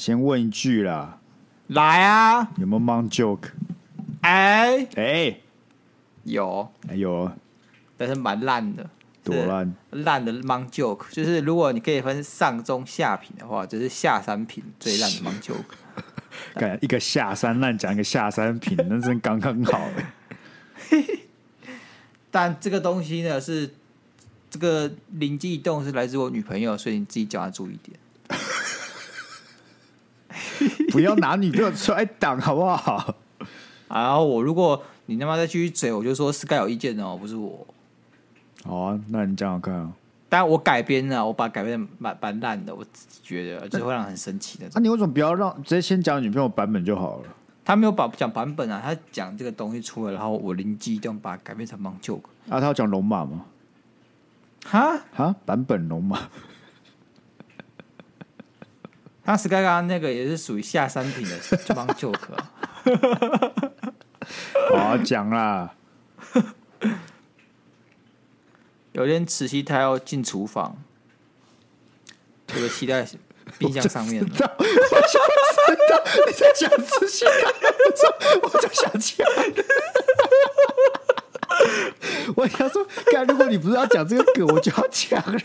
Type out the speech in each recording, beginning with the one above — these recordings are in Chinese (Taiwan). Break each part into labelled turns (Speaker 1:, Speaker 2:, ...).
Speaker 1: 先問一句啦，來啊，有沒有蒙 joke？哎哎，欸、有，哎、欸、有，但是蠻爛的，多爛
Speaker 2: 爛，爛的蒙 joke，就是如果你可以分上中下品的話，就是下三品最爛的蒙 joke 是
Speaker 1: 但。 一個下三爛講一個下三品， 那真剛剛好。嘿嘿，
Speaker 2: 但這個東西呢是這個靈機一動是來自我女朋友，所以你自己教她注意一點。不要拿女朋友出來擋，好不好？然 啊！然後我如果你他媽再繼續嘴，我就說 Sky 有意見哦，不是我。好啊，
Speaker 1: 那你講看啊。
Speaker 2: 但我改編了，我把改編的蠻蠻爛的，我自己覺得，而且會讓很
Speaker 1: 神奇的。那、啊、你為什麼不要讓直接先講女朋友版本就好了？
Speaker 2: 他沒有把講版本啊，他講這個東西出來，然後我靈機一動把它改編成 Monday 啊，
Speaker 1: 他要講龍馬嗎？哈？哈、啊？版本龍馬？
Speaker 2: 剛斯蓋剛那個也是屬於下三品的，這幫舊殼。
Speaker 1: 好好講啦有
Speaker 2: 點，有天慈禧她要進廚房，這個系在冰箱上
Speaker 1: 面我就我。你在想慈禧啊？我想小強。我想說，如果你不是要講這個梗，我就要講了。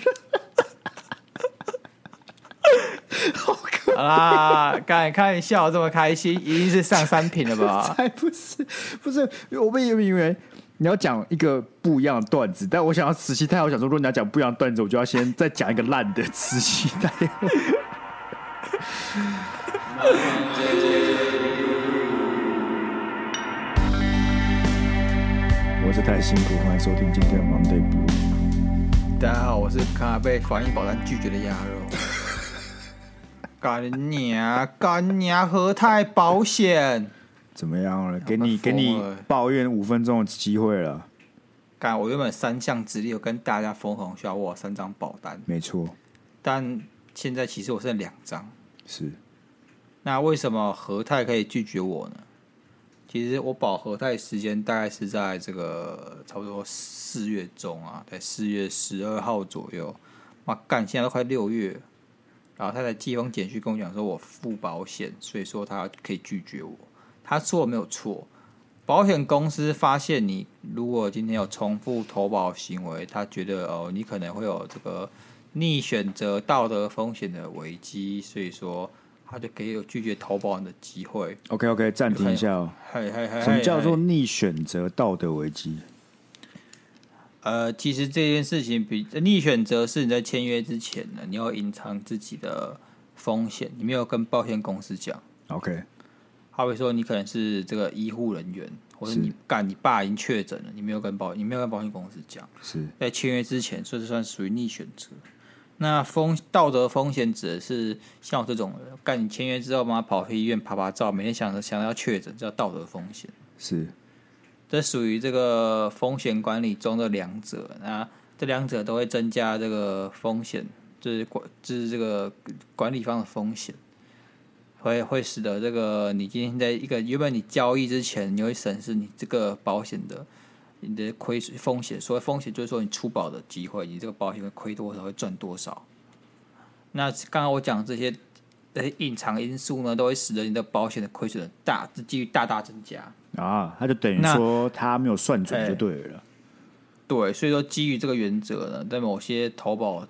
Speaker 2: 好可愛啊！看看你笑得這麼開心，一定是上三品了吧？才，
Speaker 1: 才不是，不是，我們以為你要講一個不一樣的段子，但我想要慈禧太后想說，如果你要講不一樣的段子，我就要先再講一個爛的慈禧太後。我是太辛苦，歡迎收聽今天的 Monday Blue。
Speaker 2: 大家好，我是剛剛被防疫保單拒絕的鴨肉。 幹娘！幹娘！和泰保險怎麼樣了？給你要要給你
Speaker 1: 抱怨五分鐘的機會了。
Speaker 2: 幹，我原本三項直立跟大家瘋狂，需要我三張保單，沒錯。但現在其實我剩兩張。是。那為什麼和泰可以拒絕我呢？其實我保和泰的時間大概是在這個差不多四月中啊，在四月十二號左右。媽、啊、幹，現在都快六月。然後他在寄封簡訊跟我講說：“我付保險，所以說他可以拒絕我。他說我沒有錯，保險公司發現你如果今天有重複投保行為，他覺得哦你可能會有這個逆選擇道德風險的危機，所以說他就可以有拒絕投保人的機會。”
Speaker 1: OK OK，暫停一下哦。什麼叫做逆選擇道德危機？
Speaker 2: 呃，其實這件事情比逆選擇是你在簽約之前呢，你要隱藏自己的風險，你沒有跟保險公司講。OK，好比說你可能是這個醫護人員，或者你幹是你爸已經確診了，你沒有跟保你沒有跟保險公司講，是在簽約之前，所以就算屬於逆選擇。那風道德風險指的是像我這種人，幹你簽約之後嘛，媽媽跑去醫院拍拍照，每天想着想要確診，這叫道德風險。是。這屬於這個風險管理中的兩者，那這兩者都會增加這個風險，就是管就是這個管理方的風險，會會使得這個你今天在一個原本你交易之前，你會審視你這個保險的你的虧損風險，所謂風險就是說你出保的機會，你這個保險會虧多少，會賺多少。那剛剛我講這些。這些隱藏因素呢，都會使得你的保險的虧損的機率大大增加
Speaker 1: 啊。那就等於說他沒有算準就對了、欸。對，所以說基於這個原
Speaker 2: 則呢，在某些投保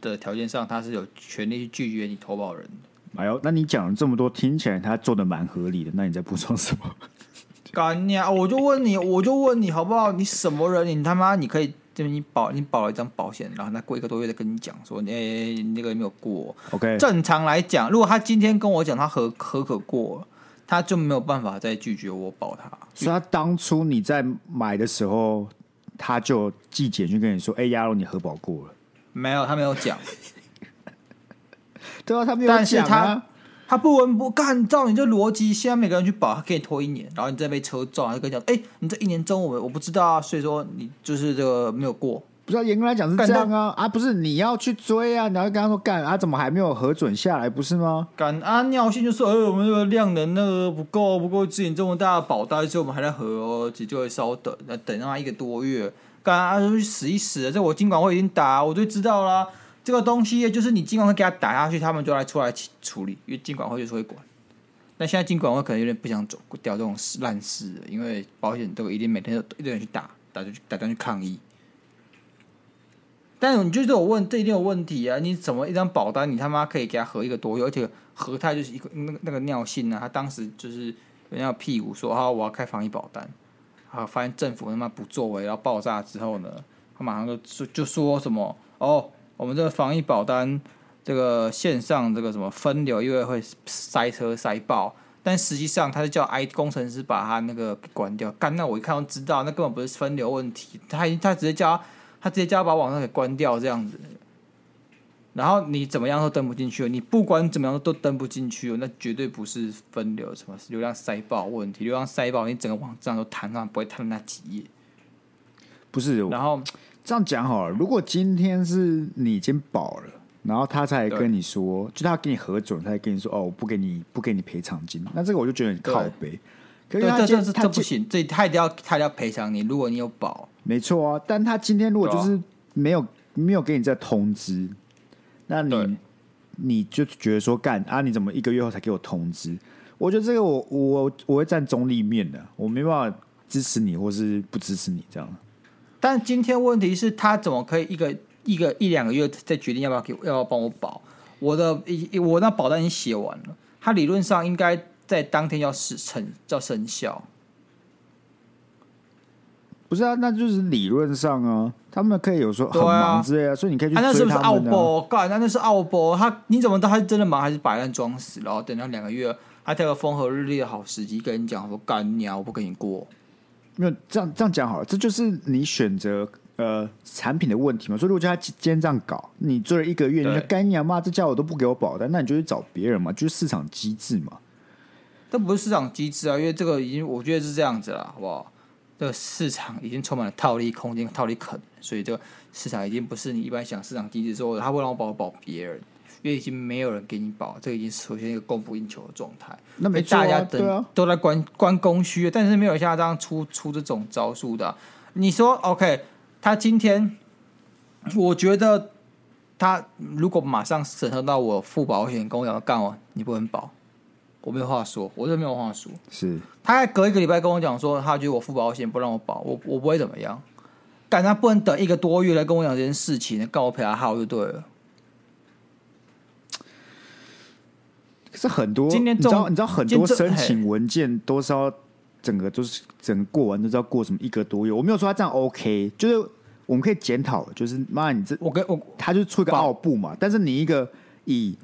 Speaker 2: 的條件上，他是有權利去拒絕你投保人的。
Speaker 1: 哎呦，那你講了這麼多，聽起來他做的蠻合理的，那你在補充什麼？
Speaker 2: 幹你啊！我就問你，我就問你好不好？你什麼人？你他媽你可以？就是你保你保了一張保險，然後他過一個多月再跟你講說，誒、欸，那個沒有過。OK，正常來講，如果他今天跟我講他核核可過，他就沒有辦法再拒絕我保他。
Speaker 1: 所以，所以他當初你在買的時候，他就寄簡訊就跟你說，哎、欸、呀，你核保過了，
Speaker 2: 沒有？他沒有講，對啊，他沒有講但。他不聞不幹，照你這邏輯，現在每個人去保，他可以拖一年，然後你再被車撞，他就講，哎、欸，你這一年中午我們我不知道啊。所以說你就是這個沒有過，
Speaker 1: 不知道嚴格來講是這樣啊啊。不是你要去追啊，你要跟他說幹啊，怎麼還沒有核准下來，不是嗎？
Speaker 2: 幹啊，尿性就說、是，哎、欸，我們這個量能那個不夠，不夠之前這麼大的保單，所以我們還在核。哦，只就會稍等，等讓他一個多月，幹啊，就去死一死了，這我盡管我已經打，我就知道啦、啊。這個東西就是你金管會給他打下去，他們就來出來處理，因為金管會就是會管。那現在金管會可能有點不想走掉這種爛事，因為保險都一定每天都一堆人去打，打就去，打出去抗議。但你就是我問這一定有問題啊。你怎麼一張保單你他媽可以給他核一個多月，而且核他就是一個那那個尿性啊？他當時就是人家屁股說啊、哦，我要開防疫保單啊，發現政府他媽不作為，然後爆炸之後呢，他馬上就說就說什麼哦。我們這個防疫保單，這個線上這個什麼分流，因為會塞車塞爆，但實際上他是叫 I 工程師把它那個給關掉。幹，那我一看就知道，那根本不是分流問題，他已經他直接叫他，他直接叫他把網站給關掉這樣子。然後你怎麼樣都登不進去了，你不管怎麼樣都登不進去了，那絕對不是分流什麼流量塞爆問題，流量塞爆，你整個網站都癱上不會癱到那幾頁。
Speaker 1: 不是，然後。這樣講好了，如果今天是你已經保了，然後他才跟你說，對就他跟你核准，他才跟你說哦，我不給你，不給你賠償金，那這個我就覺得很靠北。對可是他對這，這是他不
Speaker 2: 行，這他一定要他要賠償你，如果你有保，
Speaker 1: 沒錯啊。但他今天如果就是沒有、啊、沒有給你再通知，那你對你就覺得說幹啊？你怎麼一個月後才給我通知？我覺得這個我我我會站中立面的，我沒辦法支持你或是不支持你這樣。但今天問題是他怎麼可以
Speaker 2: 一個一個一兩個月再決定要不要給要不要幫我保？我的我那保單已經寫完了，他理論上應該在當天要成，要生效。
Speaker 1: 不是啊，那就是理論上啊，他們可以有時候很忙之類、啊、所以你可以去追他們、啊啊。那是不是、啊、那
Speaker 2: 是奧步乾？那那是奧步？他你怎麼知道他是真的忙還是擺爛裝死？然後等到兩個月，他挑個風和日麗的好時機跟你講說乾你，我不跟你過。
Speaker 1: 沒有，這樣這樣講好了，這就是你選擇呃產品的問題嘛。所以如果叫他今天這樣搞，你做了一個月，對你說幹娘媽，這家我都不給我保單，那你就去找別人嘛，就是市場機制嘛。
Speaker 2: 這不是市場機制啊，因為這個已經我覺得是這樣子了，好不好？這個市場已經充滿了套利空間、套利坑，所以這個市場已經不是你一般想市場機制說他會讓我保保別人。因為已經沒有人給你保，這已經出現一個供不應求的狀態。那沒、啊、大家等、啊、都在關關供需，但是沒有像他這樣出出這種招數的、啊。你說 OK？他今天，我覺得他如果馬上審核到我付保險，跟我講乾我，你不能保，我沒有話說，我就沒有話說。是，他還隔一個禮拜跟我講說，他覺得我付保險不讓我保，我我不會怎麼樣。但他不能等一個多月來跟我講這件事情，告我賠他號就對了。
Speaker 1: 是很多，今天你知道，你知道很多申請文件都是要整個都是整個過完都知道過什麼一個多月。我沒有說他這樣 OK，就是我們可以檢討，就是媽，你這我跟我他就出一個傲吧 步嘛。但是你一個以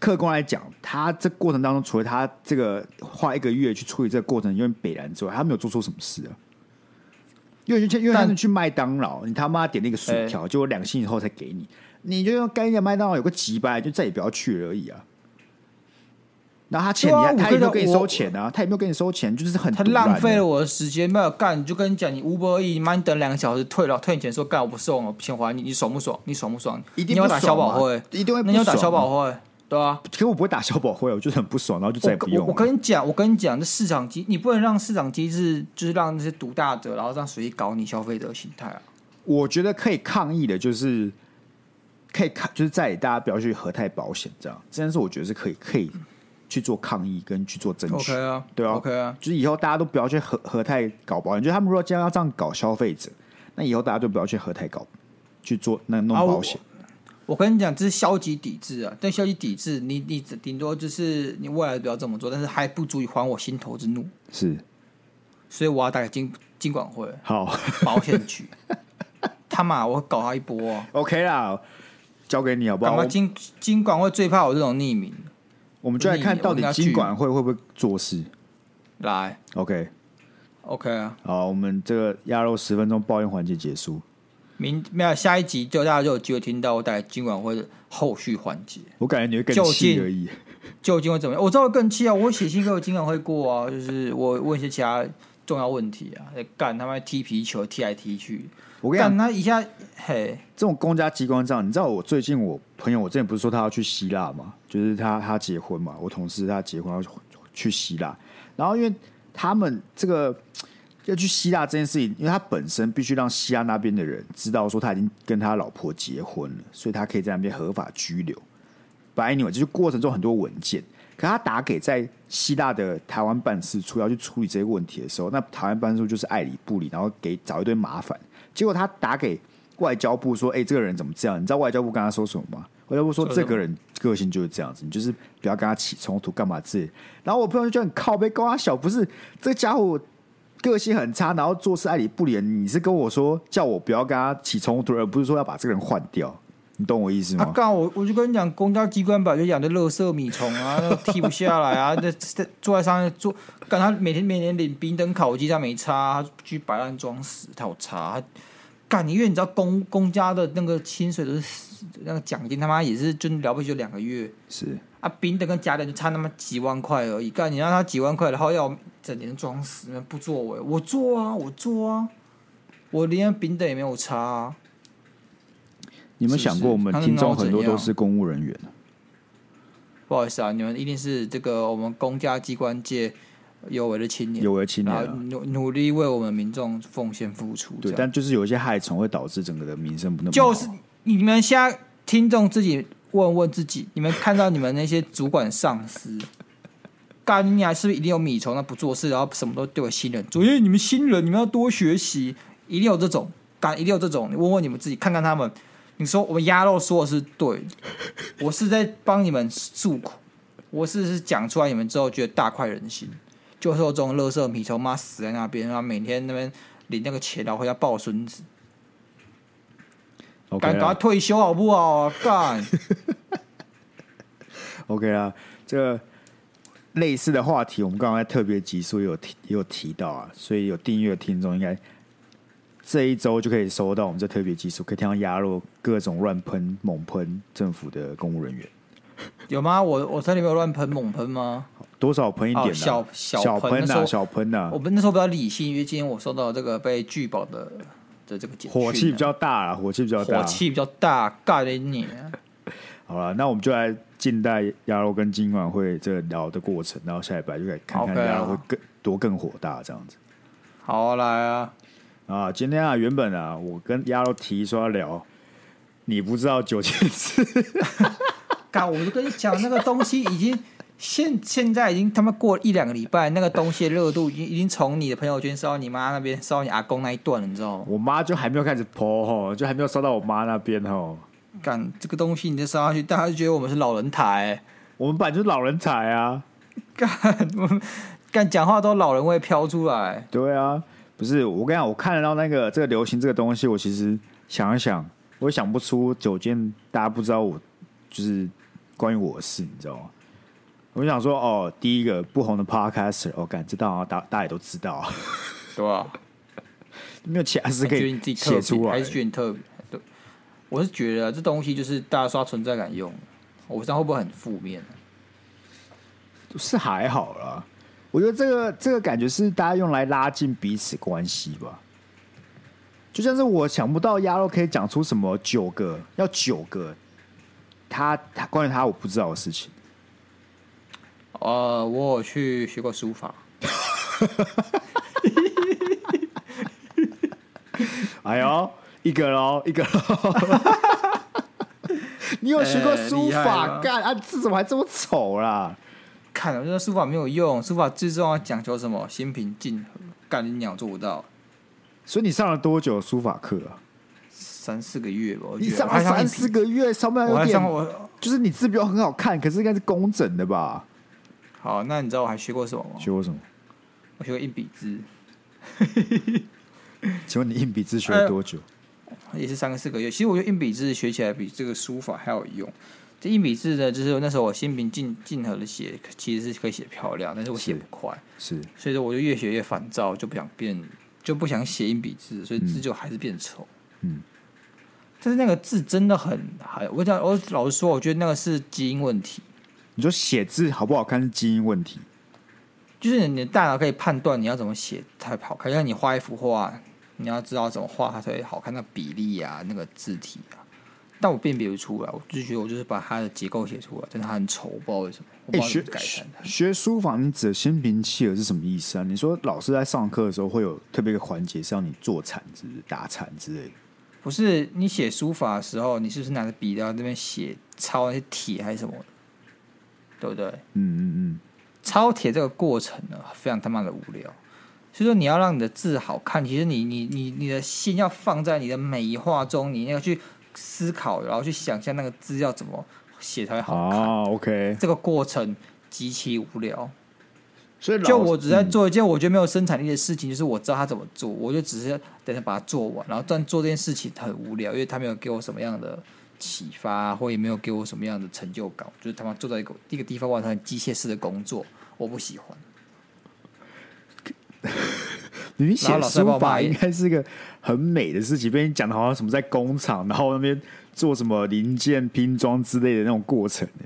Speaker 1: 客觀來講，他這過程當中，除了他這個花一個月去處理這個過程因為北蘭之外，他沒有做錯什麼事啊。因為因為他們去麥當勞，但你他媽點那個薯條，欸、就兩個星期以後才給你，你就幹一下麥當勞有個急百就再也不要去而已啊。然那他欠你，啊、他也沒有給你收錢啊，我他也沒有給你，啊、我你收錢，就是很的他浪費了
Speaker 2: 我的時間沒有幹，幹你就跟你講，你 Uber Eats，你媽等兩個小時退了，退你錢說幹我不送了，我不還你，你爽不爽？你爽不爽？爽不爽一定要、啊、打消保會，啊，一定要、啊、打
Speaker 1: 消保會。對啊，可我不會打消保會，我就是很不爽，然後就再也不用。我
Speaker 2: 跟你講，我跟你講，這市場機，你不能讓市場機制就是讓那些獨大者，然後這樣隨意搞你消費者心態啊。
Speaker 1: 我覺得可以抗議的，就是可以抗，就是在大家不要去和泰保險這樣，這件事我覺得是可以可以。嗯去做抗議跟去做爭取，對啊，OK 啊，啊 okay 啊就是以後大家都不要去和和泰搞保險，就他們如果今天要這樣搞消費者，那以後大家就不要去和泰搞，去做那弄保險。
Speaker 2: 我跟你講，這是消極抵制啊！但消極抵制，你你頂多就是你未來不要這麼做，但是還不足以還我心頭之怒。是，所以我要打給金金管會，
Speaker 1: 好，保
Speaker 2: 險局， 他媽，我搞他一波，OK 啦，交給你好不好？金金管會最怕我這種匿名。我們就來看，到底金管
Speaker 1: 會會不會做事？來，OK，OK Okay.、okay、啊，好，我們這個鴨肉十分鐘抱怨環節結束。明沒有、啊、下一
Speaker 2: 集，就大家就有機會聽到我帶來金管會的後續環節。
Speaker 1: 我感覺你會更氣而已，究
Speaker 2: 竟，竟會怎麼樣？我知道更氣啊！我寫信給我金管會過啊， 就是我問一些其他。重要問題啊！在、欸、幹他媽踢皮球，踢來踢去。
Speaker 1: 我跟你講，一下嘿，這種公家機關這樣，你知道？我最近我朋友，我之前不是說他要去希臘嘛，就是他他結婚嘛，我同事他結婚他要去希臘，然後因為他們這個要去希臘這件事情，因為他本身必須讓希臘那邊的人知道說他已經跟他老婆結婚了，所以他可以在那邊合法居留。白念 But anyway，就是過程中很多文件。可他打給在希臘的台灣辦事處，要去處理這些問題的時候，那台灣辦事處就是愛理不理，然後給找一堆麻煩。結果他打給外交部說：“哎、欸，這個人怎麼這樣？”你知道外交部跟他說什麼嗎？外交部說：“這個人個性就是這樣子，你就是不要跟他起衝突，幹嘛之類？”然後我朋友就覺得很靠北，高他小，不是這家伙個性很差，然後做事愛理不理。你是跟我說叫我不要跟他起衝突，而不是說要把這個人換掉。你懂我意思嗎？
Speaker 2: 告、啊、我我就跟你講，公家機關本來就養著樂色米蟲
Speaker 1: 啊，踢不下來啊，
Speaker 2: 在在 坐在上面坐，幹他每天每年領丙等考績，他沒差，去擺爛裝死，他有差。幹，因為你知道公公家的那個薪水都是那個獎金，他媽也是真、就是、了不起，就兩個月是啊，丙等跟甲等就差那麼幾萬塊而已。幹，你讓他幾萬塊，然後要整天裝死不作為，我做啊，我做啊，我連丙等也沒有差啊。你們想過，我們聽眾很多都是
Speaker 1: 公務人員是不,
Speaker 2: 是不好意思啊，你們一定是這個我們公家機關界有為的青年，有為青年努努力為我們民眾奉獻付出。對，但就
Speaker 1: 是有一些害蟲會導致整個的民生不那麼。就
Speaker 2: 是你們現在聽眾自己問問自己，你們看到你們那些主管上司， 幹嗎？是不是一定有米蟲？那不做事，然後什麼都對我新人做：“因為，你們新人，你們要多學習。”一定有這種，幹一定有這種。你問問你們自己，看看他們。你說我們鴨肉說的是對，我是在幫你們訴苦，我是是講出來你們之後覺得大快人心，就是說這種樂色米蟲媽死在那邊啊，每天在那邊領那個錢然後回家抱孫子，
Speaker 1: 趕趕快退休好不好、啊？幹，OK 啦， okay、這個類似的話題我們剛才特別集數有提有提到啊，所以有訂閱的聽眾應該。這一周就可以收到我們這特別技術，可以聽到鴨肉各種亂噴、猛噴政府的公務人員，
Speaker 2: 有嗎？我我在裡面有亂噴、猛噴嗎？
Speaker 1: 多少噴一點、啊哦？小小噴吶，小噴吶。我
Speaker 2: 們那時候比較理性，因為今天我收到這個被拒保的的這個簡訊，火氣比
Speaker 1: 較大，啊，火氣比較大、啊，火氣比較大、啊，尬的你。好了，那我們就來靜待鴨肉跟金管會這個聊的過程，然後下一版就來看看鴨肉會更、okay、了多、更火大這樣子。好、啊，來啊！啊，今天啊，原本啊，我跟鴨肉提說要聊，你不知道九千次。
Speaker 2: 幹， 我就跟你講，那個東西已經現，現在已經他媽過了一兩個禮拜，那個東西的熱度已經已經從你的朋友圈燒到你媽那邊，燒到你阿公那一段了，你知道嗎？我媽就還沒有開始潑吼，就還沒有燒到我媽那邊吼。幹，這個東西你就燒下去，大家就覺得我們是老人台。我們本來就是
Speaker 1: 老人台啊。幹，幹講話都老人味飄出來。對啊。不是我跟你講，我看得到那個這個流行這個東西，我其實想一想，我想不出九劍，大家不知道我，就是關於我的事，你知道嗎？我想說，哦，第一個不紅的 podcaster，我、哦、感知到，啊，大大家也都知道對、啊，對吧？沒有其他事可以，覺得你自己寫出來還是覺得你特別。
Speaker 2: 對，我是覺得、啊、這東西就是大家刷存在感用，我不知道會不會很負面、啊，
Speaker 1: 是還好啦。我覺得這個這個感覺是大家用來拉近彼此關係吧，就像是我想不到鴨肉可以講出什麼九個要九個，他他關於他我不知道的事情。
Speaker 2: 呃，我有去學過書法。
Speaker 1: 哎呦，一個嘍，一個嘍。
Speaker 2: 你有學過書法？幹、
Speaker 1: 欸、啊，字怎麼還這麼醜啦？
Speaker 2: 看，了，我覺得書法沒有用，書法最重要講求什麼？心平靜和，幹你娘做不到。
Speaker 1: 所以你上了多久書法課啊？
Speaker 2: 三四個月吧。你上了三四個月，上面有點……我，我
Speaker 1: 就是你字標很好看，可是應該是工整的吧？
Speaker 2: 好，那你知道我還學過什麼嗎？學過什麼？我學過硬筆字。
Speaker 1: 請問你硬筆字學了多久，
Speaker 2: 哎？也是三個四個月。其實我覺得硬筆字學起來比這個書法還有用。這硬筆字呢，就是那時候我心平靜、靜和的寫，其實是可以寫漂亮，但是我寫不快，是，是所以說我就越寫越煩躁，就不想變，就不想寫硬筆字，所以字就還是變醜、嗯，嗯。但是那個字真的很還，我講我老實說，我覺得那個是基因問題。你說寫
Speaker 1: 字好不好看是基因問題，
Speaker 2: 就是你大腦可以判斷你要怎麼寫才好看，像你畫一幅畫，你要知道怎麼畫才會好看，那個、比例啊，那個字體啊。但我辨別不出來，我就覺得我就是把它的結構寫出來，真的很醜，我不知道為什麼。
Speaker 1: 學書法，你指的心平氣和是什麼意思啊？你說老師在上課的時候會有特別一個環節，讓你做產子打產之類？
Speaker 2: 不是，你寫書法的時候，你是不是拿着筆到那邊寫抄那些帖還是什麼？對不對？嗯
Speaker 1: 嗯
Speaker 2: 嗯，抄帖這個過程呢，非常他媽的無聊。所以說，你要讓你的字好看，其實你你你你的心要放在你的每一畫中，你要去。思考，然後去想象那個字要怎麼寫才會好看。啊，OK，這個過程極其無聊。所以，就我只在做一件我覺得沒有生產力的事情，就是我知道他怎麼做，我就只是等他把它做完。然後，但做這件事情很無聊，因為他沒有給我什麼樣的啟發，或也沒有給我什麼樣的成就感。就是他們坐在一個一個地方，完成機械式的工作，我不喜歡。
Speaker 1: 你寫書法應該是個。很美的事情，被你講的好像什麼在工廠，然後那邊做什麼零件拼裝之類的那種過程，欸、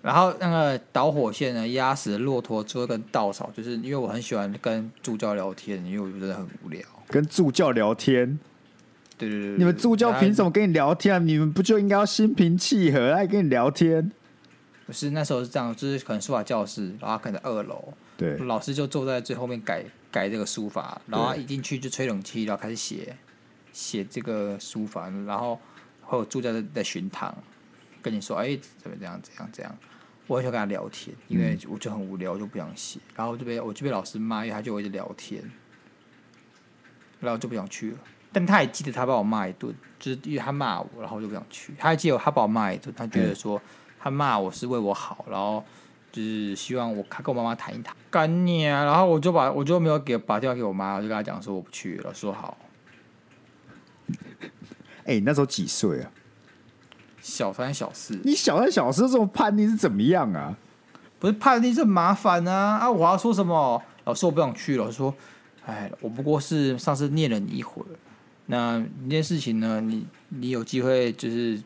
Speaker 1: 然後那個
Speaker 2: 導火線呢？壓死駱駝車跟稻草，就是因為我很喜歡跟助教聊天，因為
Speaker 1: 我覺得很無聊。跟助教聊天？對對對。你們助教憑什麼跟你聊天啊？但你們不就應該要心平氣和愛跟你聊天？是那時候
Speaker 2: 是這樣，就是可能書法教室，然後可能在二樓，對老師就坐在最後面改改這個書法，然後一進去就吹冷氣，然後開始寫寫這個書法，然後還我住在這在巡堂，跟你說哎，怎麼怎樣怎樣怎樣，我很喜歡跟他聊天，因為我就很無聊，我就不想寫，然後就被我就被老師罵，因為他就一直聊天，然後就不想去了，但他也記得他把我罵一頓，就是因為他罵我，然後我就不想去，他還記得他把我罵一頓，他覺得說。欸他罵我是為我好，然後就是希望我看跟我媽媽談一談，幹你啊！然後我就把我就沒有給把電話給我媽，我就跟她講說我不去了，說好。
Speaker 1: 哎、欸，你那時候幾歲
Speaker 2: 啊？小三小四，你
Speaker 1: 小三小四這麼叛逆是怎麼樣啊？
Speaker 2: 不是叛逆是麻煩啊！啊，我要說什麼？老師我不想去了。老師說，哎，我不過是上次念了你一會兒，那那件事情呢？你你有機會就是。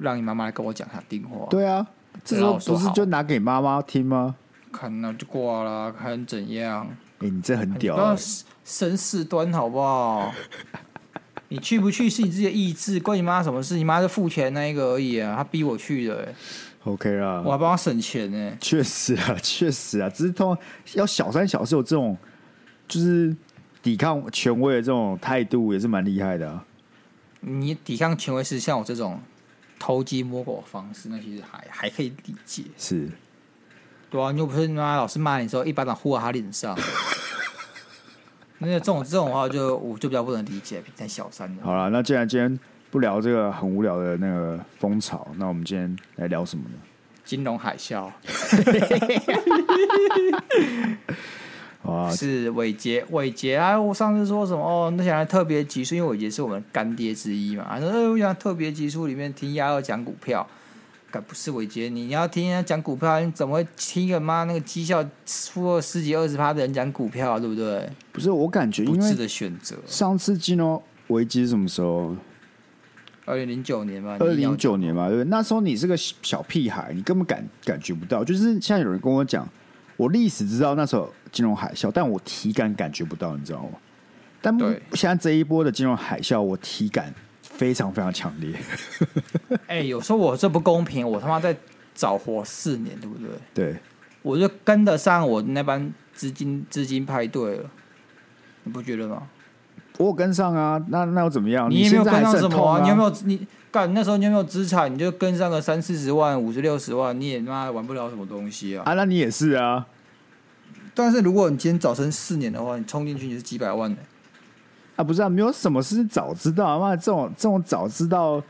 Speaker 2: 讓你媽媽來跟我講下電話。對
Speaker 1: 啊，這時候不是就拿給媽媽聽嗎？
Speaker 2: 看那、啊、就掛了、啊，看怎樣。
Speaker 1: 哎、欸，你這很屌、啊，
Speaker 2: 生事端好不好？ 你去不去是你自己的意志，關你媽什麼事？你媽就付錢那一個而已啊，她逼我去的、欸。
Speaker 1: OK 啦，我還
Speaker 2: 幫她省錢呢、欸。
Speaker 1: 確實啊，確實啊，只是通常要小三小四有這種，就是抵抗權威的這種態度也是蠻厲害的、
Speaker 2: 啊。你抵抗權威是像我這種。偷雞摸狗的方式那，那其實還還可以理解。是，對啊，又不是你媽老師罵你的時候一巴掌呼在他臉上。 那這種這種話就我就比較不能理解，太小三。
Speaker 1: 好了，那既然今天不聊這個很無聊的那個風潮，那我們今天來聊什麼呢？金融海嘯。 哦啊、是偉杰，偉杰
Speaker 2: 啊！我上次說什麼哦？那講特別急促，因為偉杰是我們乾爹之一嘛。那我想特別急促裡面聽亞二講股票，敢不是偉杰，你要聽人家講股票，你怎麼會聽一個媽那個績效出了十幾二十趴的人講股票，啊，對不對？不是，
Speaker 1: 我感覺因為的選擇，上次金融危機是什麼時候？二
Speaker 2: 零零九年嘛，二零零九
Speaker 1: 年嘛，對不對？那時候你是個小屁孩，你根本感感覺不到。就是像有人跟我講，我歷史知道那時候。金融海嘯，但我體感感覺不到，你知道嗎？但現在這一波的金融海嘯，我體感非常非常強烈。哎 、
Speaker 2: 欸，有時候我這不公平，我他媽在早活四年，對不對？對，我就跟得上我那班資金資金派對了，你不覺得嗎？
Speaker 1: 我有跟上啊，那那又怎麼樣？你也沒有跟上什麼啊？你，啊你有沒有
Speaker 2: 你幹？那時候你有沒有資產？你就跟上個三四十萬、五十六十萬，你也他媽玩不了什麼東
Speaker 1: 西啊？啊，那你也是啊。但是如果你今天早生四年的話，你衝進去你是幾百萬的啊？不是啊，沒有什麼是早知道啊。啊，這種這種早知道，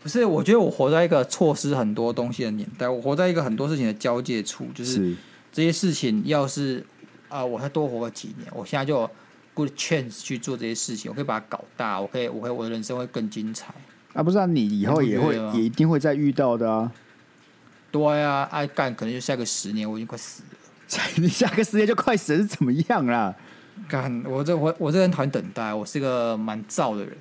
Speaker 2: 不是？我覺得我活在一個錯失很多東西的年代，我活在一個很多事情的交界處。就是這些事情，要是啊，我還多活個幾年，我現在就有 good chance 去做這些事情，我可以把它搞大，我可以，我會我的人生會更精彩
Speaker 1: 啊！不是啊，你以後也會，一會也一定會再遇到的啊。
Speaker 2: 對啊，愛、啊、幹可能就下個十年，我已經快死了。 你下個時間就快死，怎麼樣啦？幹，我這我我這人討厭等待，我是個蠻躁的人，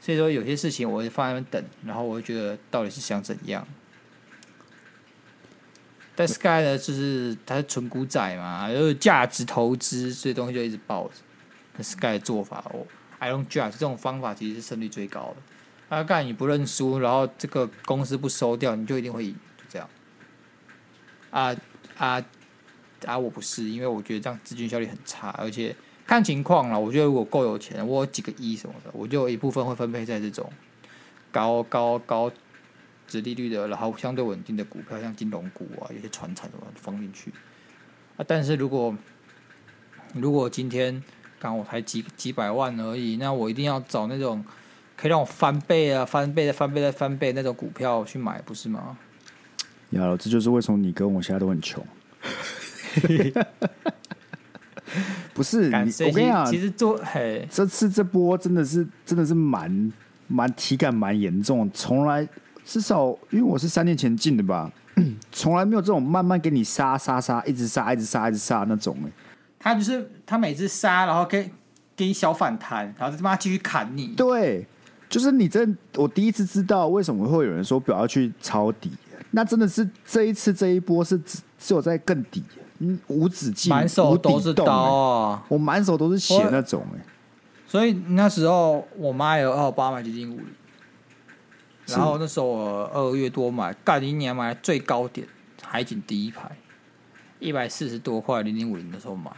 Speaker 2: 所以說有些事情我會放在那邊等，然後我會覺得到底是想怎樣。但 Sky 呢，就是他是純股仔嘛，然後價值投資，所以東西就一直抱著。但 Sky 的做法，我、oh, I don't judge，這種方法其實是勝率最高的。阿、啊、幹你不認輸，然後這個公司不收掉，你就一定會贏，這樣。啊啊！啊，我不是，因為我覺得這樣資金效率很差，而且看情況了。我覺得如果夠有錢，我有幾個億什麼的，我就有一部分會分配在這種高高高殖利率的，然後相對穩定的股票，像金融股啊，有些傳產什麼放進去啊。但是如果如果今天剛我才幾幾百萬而已，那我一定要找那種可以讓我翻倍啊、翻倍的、翻倍再翻倍那種股票去買，不是嗎？
Speaker 1: 你好，這就是為什麼你跟我現在都很窮。哈哈哈，不是，你我跟你講，其實做嘿這次這波真的是，真的是蠻蠻體感蠻嚴重的。從來至少因為我是三年前進的吧，從來沒有這種慢慢給你殺殺殺，一直殺一直殺一直殺那種、欸。
Speaker 2: 他就是他每次殺，然後給給你小反彈，然後就幫他媽繼續砍你。
Speaker 1: 對，就是你真，我第一次知道為什麼會有人說不要去抄底。那真的是這一次這一波是只，只有再更低。嗯，五子棋滿手都是刀啊！我滿手都是血那種、欸、
Speaker 2: 所以那時候我媽也有二八買零零五零，然後那時候我二月多買，幹一年買的最高點，海景第一排，一百四十多塊零零五零的時候買，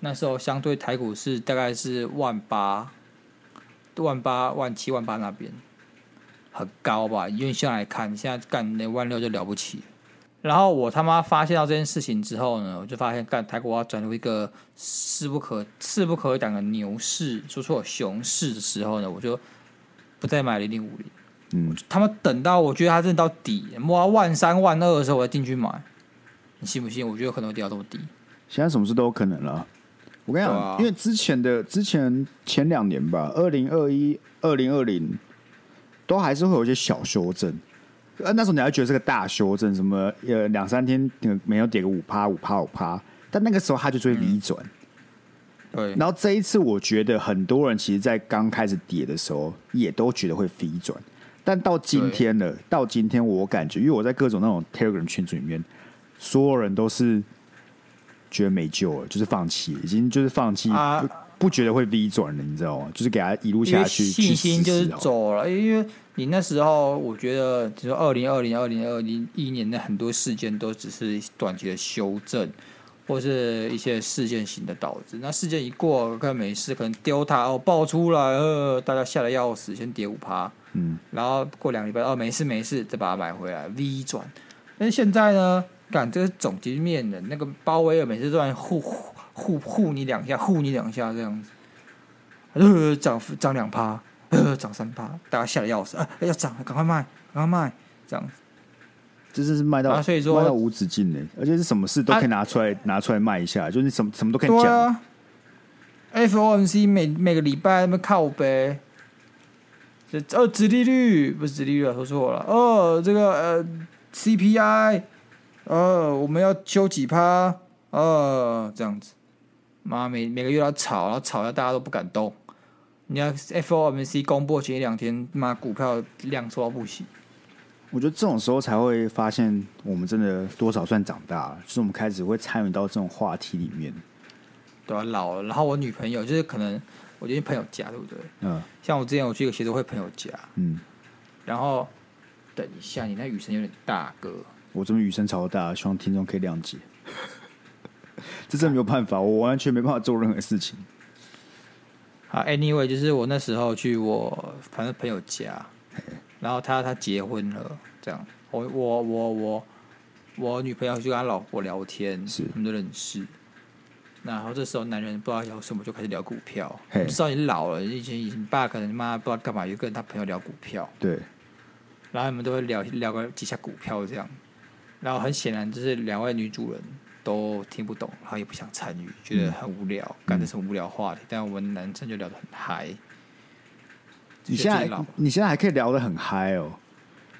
Speaker 2: 那時候相對台股是大概是萬八、萬八、萬七、萬八那邊，很高吧？因為現在來看，現在幹那萬六就了不起了。然後我他媽發現到這件事情之後呢，我就發現，幹，台股要轉入一個勢不可勢不可擋的牛市，說錯熊市的時候呢，我就不再買0050。嗯，他媽等到我覺得它真的到底摸到萬三萬二的時候，我再進去買。你信不信？我覺得有可能跌到這麼低。
Speaker 1: 現在什麼事都有可能了、啊。我跟你講，啊、因為之前的之前前兩年吧，二零二一、二零二零都還是會有一些小修正。呃、啊，那時候你還覺得是個大修正，什麼呃兩三天沒有跌個五趴五趴五趴，但那個時候他就會逆轉。對，然後這一次我覺得很多人其實，在剛開始跌的時候，也都覺得會反轉，但到今天了，對到今天我感覺，因為我在各種那種 Telegram 群組裡面，所有人都是覺得沒救了，就是放棄，已經就是放棄。啊不覺得會 V 轉了，你知道嗎？就是給他一路下去，信心就是走了，死死了，因
Speaker 2: 為你那時候我覺得，就是二零二零、二零二零一年的很多事件都只是短期的修正，或是一些事件型的導致。那事件一過，看沒事，可能丟它哦，爆出來了，大家嚇得要死，先跌五趴，嗯，然後過兩個禮拜哦，沒事沒事，再把它買回來 V 轉。但是現在呢，感這是總局面的那個鮑威爾，每次都在護。護護你兩下，護你兩下這樣子，呃，呃，漲漲兩趴，呃，漲三趴，大家嚇得要死啊！呀、欸、漲，趕快賣，趕快賣，這樣子，這是賣到，啊、所以說賣到
Speaker 1: 無止境呢。而且是什麼事都可以拿出來、啊、拿出來賣一下，就是什麼什麼都可以講。啊、
Speaker 2: FOMC 每每個禮拜那，那麼靠杯，這殖利率不是殖利率啊，說錯了。哦，這個呃 CPI，呃，我們要修幾趴，呃，這樣子。媽每每個月要吵，然後吵到大家都不敢動。你要 FOMC 公布前一兩天，媽股票量縮到不行。
Speaker 1: 我覺得這種時候才會發現，我們真的多少算長大了，就是我們開始會參與到這種話題裡面。
Speaker 2: 對啊，老了。然後我女朋友就是可能，我覺得朋友家對不對？嗯。像我之前有去一個協會，朋友家。
Speaker 1: 嗯。
Speaker 2: 然後等一下，你那雨聲有點大，哥。
Speaker 1: 我這邊雨聲超大，希望聽眾可以諒解。這真沒有辦法，我完全沒辦法做任何事情。
Speaker 2: 好，Anyway，就是我那時候去我反正朋友家，然後他他結婚了，這樣，我我我我我女朋友去跟他老婆聊天，是，我們都認識。然後這時候男人不知道聊什麼，就開始聊股票。Hey 知道你老了，以前以前爸可能媽不知道幹嘛，又跟他朋友聊股票，對。然後你們都會聊聊個幾下股票這樣。然後很顯然就是兩位女主人。都聽不懂，然後也不想參與，覺得很無聊，講的是無聊話題。嗯、但我們男生就聊得很嗨。
Speaker 1: 你現在你現在還可以聊得很嗨哦！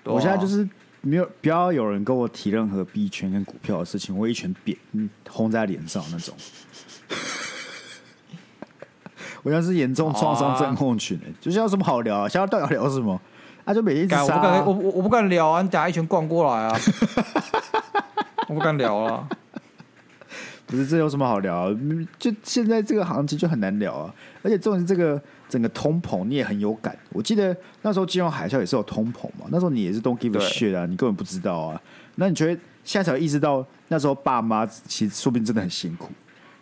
Speaker 1: 啊、我現在就是沒有，不要有人跟我提任何 B 圈跟股票的事情，我一拳扁嗯，轟在臉上那種。 我現在是嚴重創傷症候群誒、欸，啊、就是要什麼好聊，啊？想要到底要聊什麼？啊，就每一直、啊，我不敢，我我不敢聊啊！你等一下一拳逛過來啊！ 我不敢聊啊！ 不是，這有什麼好聊？就現在這個行情就很難聊啊！而且重點，這個整個通膨你也很有感。我記得那時候金融海嘯也是有通膨嘛，那時候你也是 don't give a shit 啊，對你根本不知道啊。那你覺得現在才意識到，那時候爸媽其實說不定真的很辛苦。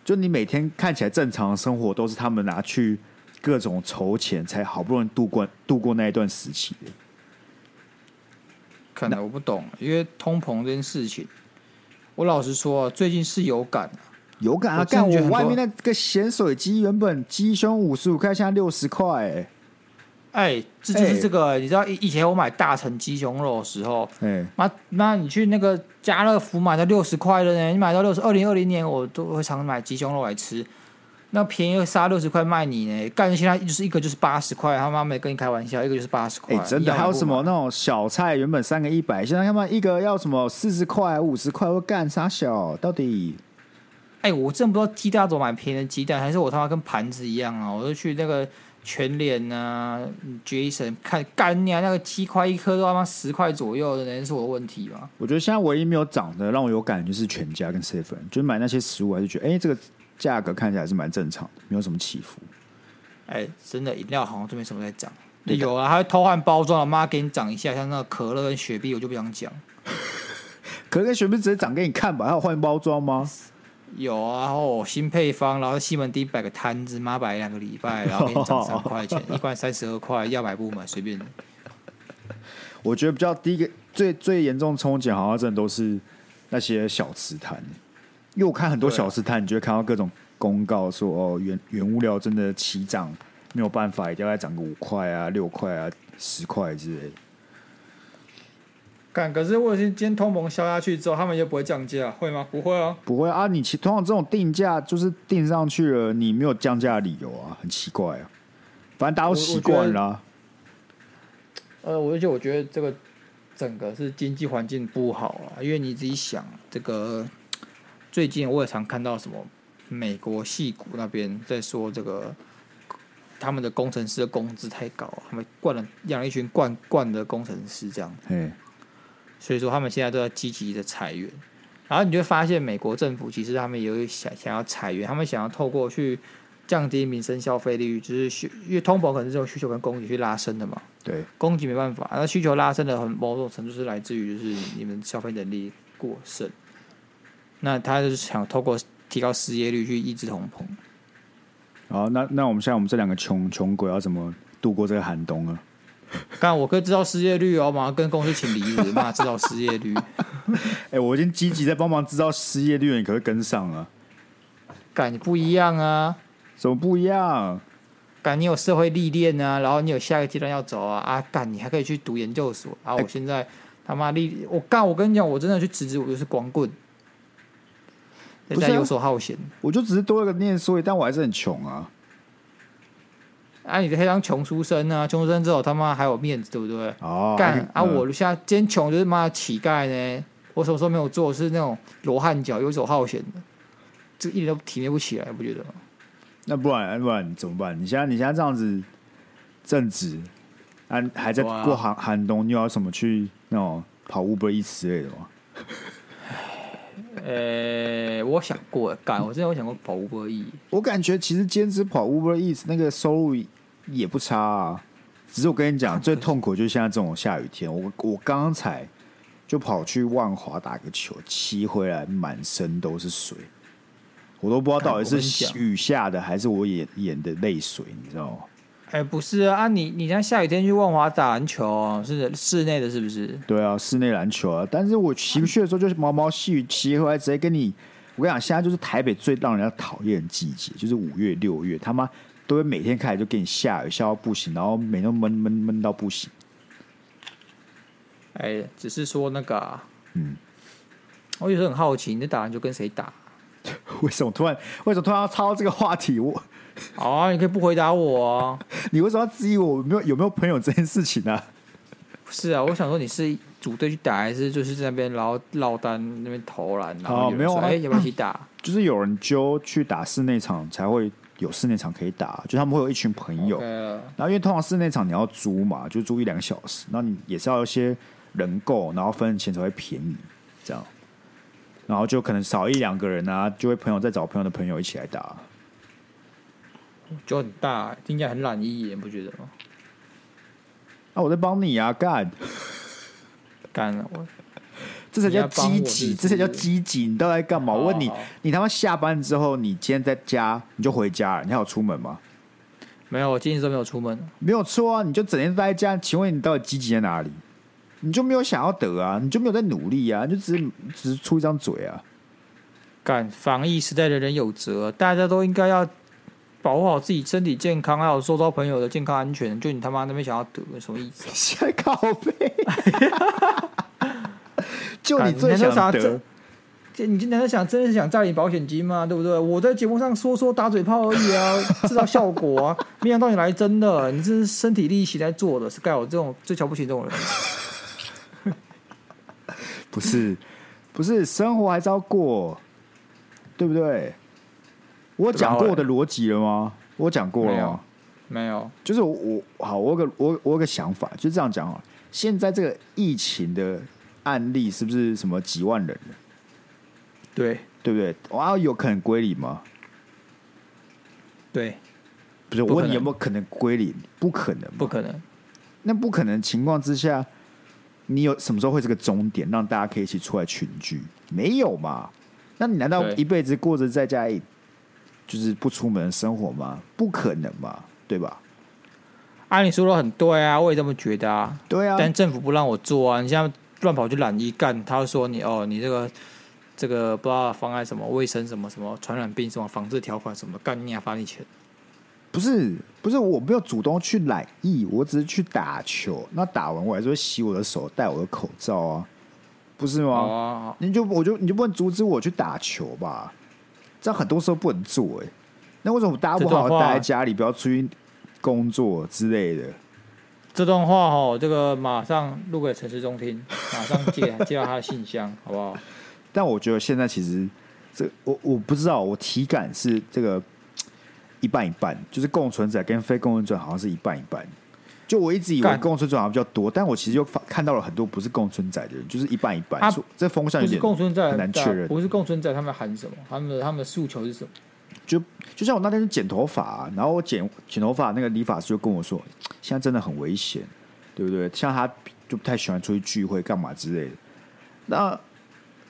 Speaker 1: 就你每天看起來正常的生活，都是他們拿去各種籌錢，才好不容易度過度過那一段時期的。
Speaker 2: 可能我不懂，因為通膨這件事情。我老實說，最近是有感，啊，有感啊！幹我，我真、啊、我外面那
Speaker 1: 個鹹水雞，原本雞胸五十五塊，現在六十塊。哎、
Speaker 2: 欸，這就是這個、欸，欸、你知道，以以前我買大成雞胸肉的時候，哎、欸，那、啊啊、你去那個家樂福買到六十塊了的呢？你買到六十？二零二零年我都會常買雞胸肉來吃。那便宜又殺六十塊賣你呢？幹！現在就是一個就是八十塊，他媽沒跟你開玩笑，一個就是八十塊。真的？還有什麼
Speaker 1: 那種小菜原本三個一百，現在他媽一個要什麼四十塊、五十塊？會幹啥小？到底？哎、
Speaker 2: 欸，我真不知道雞蛋怎麼買便宜的雞蛋，還是我他媽跟盤子一樣啊？我就去那個全聯啊，Jason 看幹你那個雞塊一顆都他媽十塊左右的，那是我的問題吧？
Speaker 1: 我覺得現在唯一沒有漲的，讓我有感覺是全家跟 seven，就買那些食物還是覺得哎、欸、這個。價格看起來是蠻正常的，沒有什麼起伏。
Speaker 2: 哎、欸，真的飲料好像都沒什麼在漲。有啊，還會偷換包裝，媽給你漲一下，像那個可樂跟雪碧，我就不想講。
Speaker 1: 可樂跟雪碧直接漲給你看吧，還有換包裝嗎？
Speaker 2: 有啊，哦，新配方，然後西門町擺個攤子，媽擺兩個禮拜，然後給你漲三塊錢， 一罐三十二塊，要買不買隨便。
Speaker 1: 我覺得比較第一個最最嚴重的衝擊，好像真的都是那些小吃攤。因為我看很多小吃攤，你就會看到各種公告說，哦，原，原物料真的起漲，沒有辦法，一定要再漲個五塊啊、六塊啊、十塊之類的。幹，可是，我已經今天通膨消下去之後，他們就不會降價，會嗎？不會哦，不會啊！你其通常這種定價就是定上去了，你沒有降價的理由啊，很奇怪啊。反正大家都習慣了啊。
Speaker 2: 呃，我就覺得這個整個是經濟環境不好啊，因為你自己想這個。最近我也常看到什麼美國矽谷那邊在說這個他們的工程師的工資太高，他們慣了養了一群慣慣的工程師這樣。嗯，所以說他們現在都要積極的裁員。然後你就發現美國政府其實他們也有想想要裁員，他們想要透過去降低民生消費利率，就是需因為通膨可能是這種需求跟供給去拉升的嘛。對，供給沒辦法、啊，那需求拉升的很某種程度是來自於就是你們消費能力過剩。那他就是想透過提高失業率去抑制通膨。
Speaker 1: 好，那那我們現在我們這兩個窮窮鬼要怎麼度過這個寒冬呢、啊？
Speaker 2: 幹我可以製造失業
Speaker 1: 率哦，我馬上跟公司請離職。那 知道失業率。哎、欸，我已經積極在幫忙知道失業率，你可，不可以跟上啊？幹，你不一樣啊？怎麼不一
Speaker 2: 樣、啊？幹，你有社會歷練啊，然後你有下一個階段要走啊啊！幹，你還可以去讀研究所啊！我現在他媽歷，我幹，我跟你講，我真的去辭職，我就是光棍。
Speaker 1: 現在游手好閒、啊，我就只是多一個念書，但我還是很窮啊！
Speaker 2: 哎、啊，你可黑當窮書生啊，窮書生之後他媽還有面子，對不對？哦，幹啊！我現在真窮，今天窮就是媽的乞丐呢。我小時候沒有做，是那種羅漢
Speaker 1: 腳，游手好閒的，這一點都體面不起來，不覺得？那、啊、不然，啊、不然怎麼辦？你現在你現在這樣子正直，還、啊、還在過寒、啊、寒冬，你要什麼去那種跑 Uber Eats 之類的嗎？
Speaker 2: 呃、欸，我想過，幹，我之前我想過跑 Uber Eats，
Speaker 1: 我感覺其實兼職跑 Uber Eats 那個收入也不差啊，只是我跟你講，最痛苦就是現在這種下雨天，我我剛才就跑去萬華打個球，騎回來滿身都是水，我都不知道到底是雨下的還是我眼眼的淚水，你知道嗎？
Speaker 2: 哎，欸、不是啊，啊你你像下雨天去萬華打籃球，哦，是室內的是不是？
Speaker 1: 對啊，室內籃球啊。但是我騎不去的時候，就是毛毛細雨，騎回來直接跟你，我跟你講，現在就是台北最讓人家討厭的季節，就是五月六月，他媽都會每天開始就給你下雨，下到不行，然後每天都悶悶悶到不行。
Speaker 2: 哎、欸，只是說那個、啊，嗯，我有時候很好奇，你在
Speaker 1: 打籃球跟誰打？ 為什麼突然？為什麼突然要抄這個話題？我。哦，你可以不回答我，啊。 你為什麼要質疑我沒有有沒有朋友這件事情呢，啊？
Speaker 2: 是啊，我想說你是組隊去打，還是就是在那邊然後落單那邊投籃？有哦，沒有，哎、欸，一起打
Speaker 1: 就是有人揪去打室內場才會有室內場可以打，就他們會有一群朋友。Okay、了然後因為通常室內場你要租嘛，就租一兩個小時，那你也是要一些人夠，然後分錢才會便宜這樣。然後就可能少一兩個人啊，就會朋友再找朋友的朋友一起來打。
Speaker 2: 就很大、欸，聽起來很懶一，你不覺得嗎？那、
Speaker 1: 啊、我在幫你啊，幹幹，了。我
Speaker 2: 這才叫積極，這才叫積
Speaker 1: 極，氣你到底在幹嘛？好我問你，你他媽下班之後，你今天在家，你就回家了，你還有出門嗎？沒有，我今天都沒有出門，沒有錯啊，你就整天待在家。請問你到底積極在哪裡？你就沒有想要得啊？你就沒有在努力啊？你就只只是出一張嘴啊？幹，防疫
Speaker 2: 時代的人有責、啊，大家都應該要。保護好自己身體健康，還有周遭朋友的健康安全。就你他媽那邊想要得，什麼意思、啊？想搞唄。
Speaker 1: 就你最想啥得、
Speaker 2: 啊？你今天在想，真的是想詐你保險金嗎？對不對？我在節目上說說打嘴炮而已啊，製造效果啊。沒想 到你來真的、啊，你是身體力行在做的，是蓋我這種最瞧不起這種人。
Speaker 1: 不是，不是，生活還是要過，對不對？我講過我的邏輯了嗎？我講過了嗎？沒有，沒有。就是我好，我有個我我有個想法，就這樣講啊。現在這個疫情的案例是不是什麼幾萬人？對對不對？哇，有可能歸零嗎？對，不，不是我問你有沒有可能歸零？不可能，不可能。那不可能情況之下，你有什麼時候會這個終點，讓大家可以一起出來群聚？沒有嘛？那你難道一輩子過着在家裡？就是不出門生活嗎？不可能吧，對吧？
Speaker 2: 啊，你說的很對啊，我也這麼覺得啊，對啊。但政府不讓我做啊，你現在亂跑去染疫幹，他說你哦，你這個這個不知道妨礙什麼衛生什麼什麼傳染病什麼防治條款什麼，幹你啊罰你錢。
Speaker 1: 不是不是，我沒有主動去染疫,我只是去打球。那打完我還是會洗我的手，戴我的口罩啊，不是嗎？好啊、好你就我就你就不能阻止我去打球吧？這樣很多時候不能做哎、欸，那為什麼大家不好好待在家裡，不要出去工作之類的？這
Speaker 2: 段話哈，這個馬上錄給陳時中聽，馬上接接到他的信箱，
Speaker 1: 好不好？但我覺得現在其實，這個、我我不知道，我體感是這個一半一半，就是共存者跟非共存者好像是一半一半。就我一直以為共存者好像比較多，幹但我其實又看到了很多不是共存者的人，就是一半一半。啊、這風向有點很難確認的不、啊。不
Speaker 2: 是共存者，他們喊什麼？他們的他們的訴求是什麼？
Speaker 1: 就就像我那天剪頭髮、啊，然後我剪剪頭髮，那個理髮師就跟我說：“現在真的很危險，對不對？”像他就不太喜歡出去聚會幹嘛之類的。那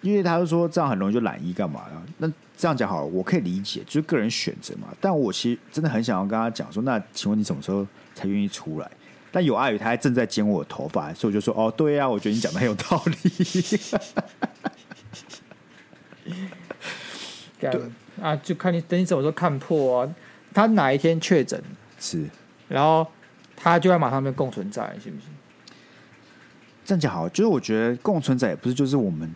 Speaker 1: 因為他就說這樣很容易就染疫幹嘛、啊、那這樣講好了，我可以理解，就是個人選擇嘛。但我其實真的很想要跟他講說：“那請問你什麼時候才願意出來？”但有礙於他還正在剪我的頭髮，所以我就說：“哦，對呀、啊，我覺得你講的很有道理。
Speaker 2: ”對啊，就看你等你什麼時候看破啊、哦？他哪一天確
Speaker 1: 診是，
Speaker 2: 然後他就要馬上面共存在，信不信？
Speaker 1: 這樣講好，就是我覺得共存在也不是就是我們。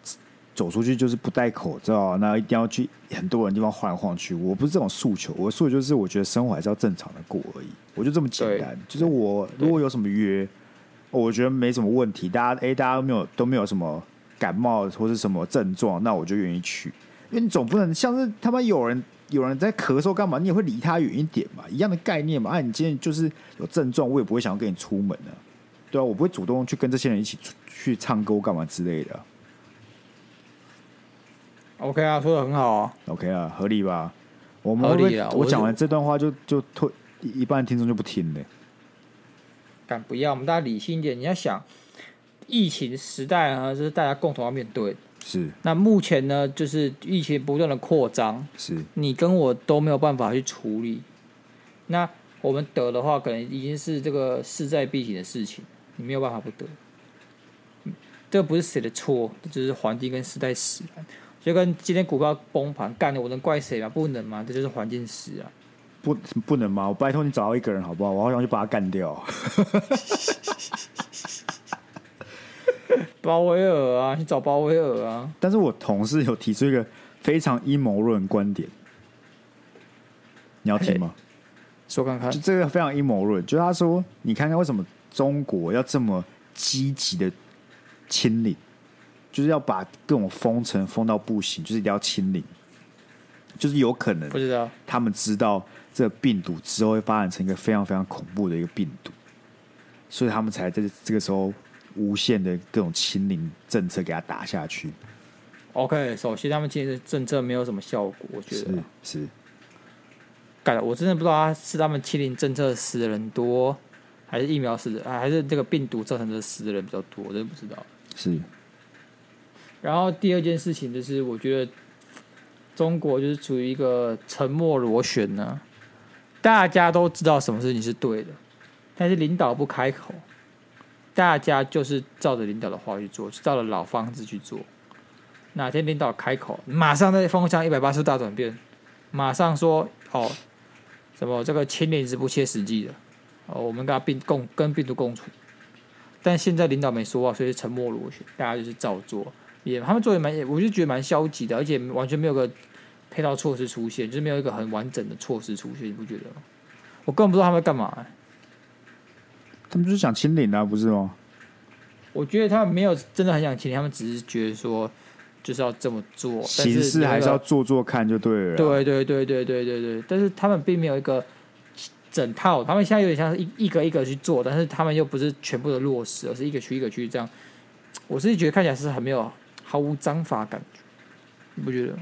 Speaker 1: 走出去就是不戴口罩，那一定要去很多人的地方晃來晃去。我不是這種訴求，我的訴求就是我覺得生活還是要正常的過而已。我就這麼簡單，對就是我如果有什麼約，對我覺得沒什麼問題。大家誒,大家都沒有都沒有什麼感冒或是什麼症狀，那我就願意去。因為你總不能像是他們有人有人在咳嗽幹嘛，你也會離他遠一點嘛，一樣的概念嘛。啊，你今天就是有症狀，我也不會想要跟你出門的、啊。對啊，我不會主動去跟這些人一起去唱歌幹嘛之類的。OK 啊，說的很好啊。OK 啊，合理吧？我們會會合理啊。我講完這段話就就退一半，聽眾就不聽了。
Speaker 2: 敢不要？我們大家理性一點，你要想，疫情時代啊，就是大家共同要面對的。是。那目前呢，就是疫情不斷的擴張，是。你跟我都沒有辦法去處理。那我們得的話，可能已經是這個勢在必行的事情，你沒有辦法不得。嗯、這不是誰的錯，這、就、只是環境跟時代使然。就跟今天股票崩盤幹的，我能怪誰嗎？不能嗎？這就是環境史啊！
Speaker 1: 不不能嗎？我拜托你找到一個人好不好？我好想去把他幹掉。
Speaker 2: 鮑 威爾啊，你找鮑威爾啊！
Speaker 1: 但是我同事有提出一個非常陰謀論觀點，你要聽嗎？說看看，就這個非常陰謀論，就他說，你看看為什麼中國要這麼積極的清理。」就是要把各種封城封到不行，就是一定要清零，就是有可能不知道他們知道這個病毒之後會發展成一個非常非常恐怖的一個病毒，所以他們才在這個時候無限的各種清零政策給他打下去。
Speaker 2: OK，首先他們清零政策沒有什麼效果，我覺得是。改了，我真的不知道他是他們清零政策死的人多，還是疫苗死的，還是這個病毒造成的死的人比較多，我真的不知道。是。然後第二件事情就是，我覺得中國就是處於一個沉默螺旋呢、啊。大家都知道什麼事情是對的，但是領導不開口，大家就是照着領導的話去做，照著老方子去做。哪天領導開口，馬上在風向一百八十度大轉變，馬上說哦，什麼這個清零是不切實際的，哦，我們跟他並共跟病毒共處。但現在領導沒說話，所以是沉默螺旋，大家就是照做。也他們做的蠻，我就覺得蠻消極的，而且完全沒有個配套措施出現，就是沒有一個很完整的措施出現，你不覺得嗎？
Speaker 1: 我根本不知道他們幹嘛、欸。他們就是想清零啊，不是嗎？
Speaker 2: 我覺得他們沒有真的很想清零，他們只是覺得說就是要這麼做，形式但是、那個、還是要
Speaker 1: 做做看就對了。對
Speaker 2: 對對對對對對，但是他們並沒有一個整套，他們現在有點像是一一個一個去做，但是他們又不是全部的落實，而是一個區一個區這樣。我自己覺得看起來是很沒有。毫無章法，感覺，
Speaker 1: 你不覺得嗎？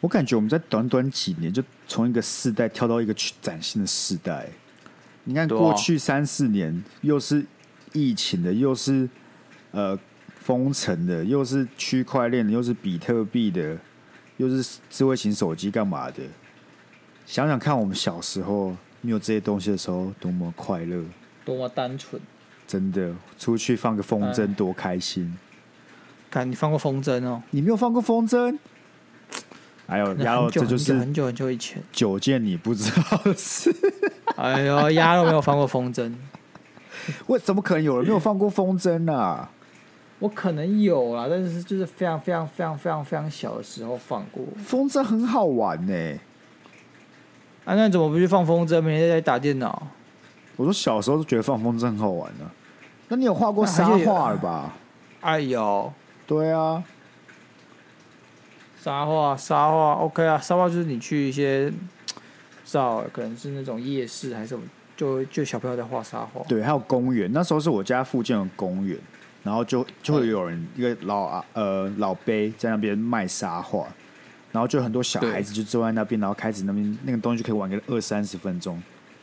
Speaker 1: 我感覺我們在短短幾年就從一個世代跳到一個嶄新的世代。你看，過去、哦、三四年又是疫情的，又是呃封城的，又是區塊鏈的，又是比特幣的，又是智慧型手機，幹嘛的？想想看，我們小時候沒有這些東西的時候，多麼快樂，
Speaker 2: 多麼單純。
Speaker 1: 真的，出去放個風箏，嗯、多開心。
Speaker 2: 看你放過風箏哦、
Speaker 1: 喔，你沒有放過風箏。哎呦，鴨肉這就是很久很久以前，久見你不知道的事。哎呦，鴨肉沒有放過風箏。我怎麼可能有人沒有放過風箏呢、啊？
Speaker 2: 我可能有啊，但是就是非常非常非常非常非常小的時候放過
Speaker 1: 風箏，很好玩呢、欸。啊，那你怎麼不去放風箏？每天在家裡打電腦。我說小時候都覺得放風箏很好玩呢、啊。那你有畫過沙畫吧？
Speaker 2: 哎呦。對啊，沙畫，沙畫，OK 啊，沙畫就是你去一些，知道可能是那種夜市還是什麼，就就小朋友在畫沙畫。
Speaker 1: 對，還有公園，那時候是我家附近的公園，然後就就會有人對一個老啊呃老伯在那邊賣沙畫，然後就很多小孩子就坐在那邊，對然後開始那邊那個東西就可以玩個二三十分鐘，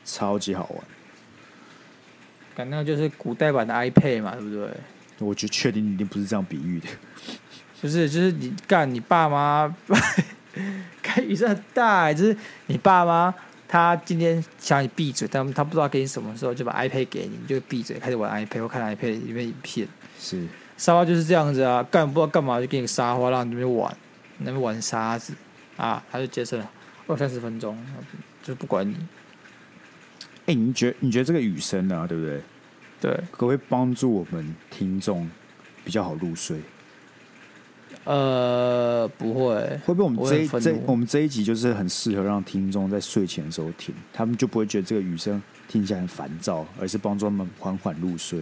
Speaker 1: 超級好玩。
Speaker 2: 感覺、那個、就是古代版的 iPad 嘛，對不對？
Speaker 1: 我就確定你一定不是這樣比喻的，不，
Speaker 2: 就是，就是你幹你爸媽，開 雨聲很大，就是你爸媽他今天想你閉嘴，但他不知道給你什麼時候就把 iPad 給你，你就閉嘴開始玩 iPad 或看 iPad 裡面影片，是沙發就是這樣子啊，幹不知道幹嘛就給你個沙發讓你那邊玩，那邊玩沙子啊，他就接受了二三十分鐘，
Speaker 1: 就不管你。哎、欸，你覺你覺得這個雨聲呢、啊，對不對？對，可不可以幫助我們聽眾比較好入睡？呃，不會。會不會我們這我這我們這一集就是很適合讓聽眾在睡前的時候聽，他們就不會覺得這個雨聲聽起來很煩躁，而是幫助他們緩緩入睡？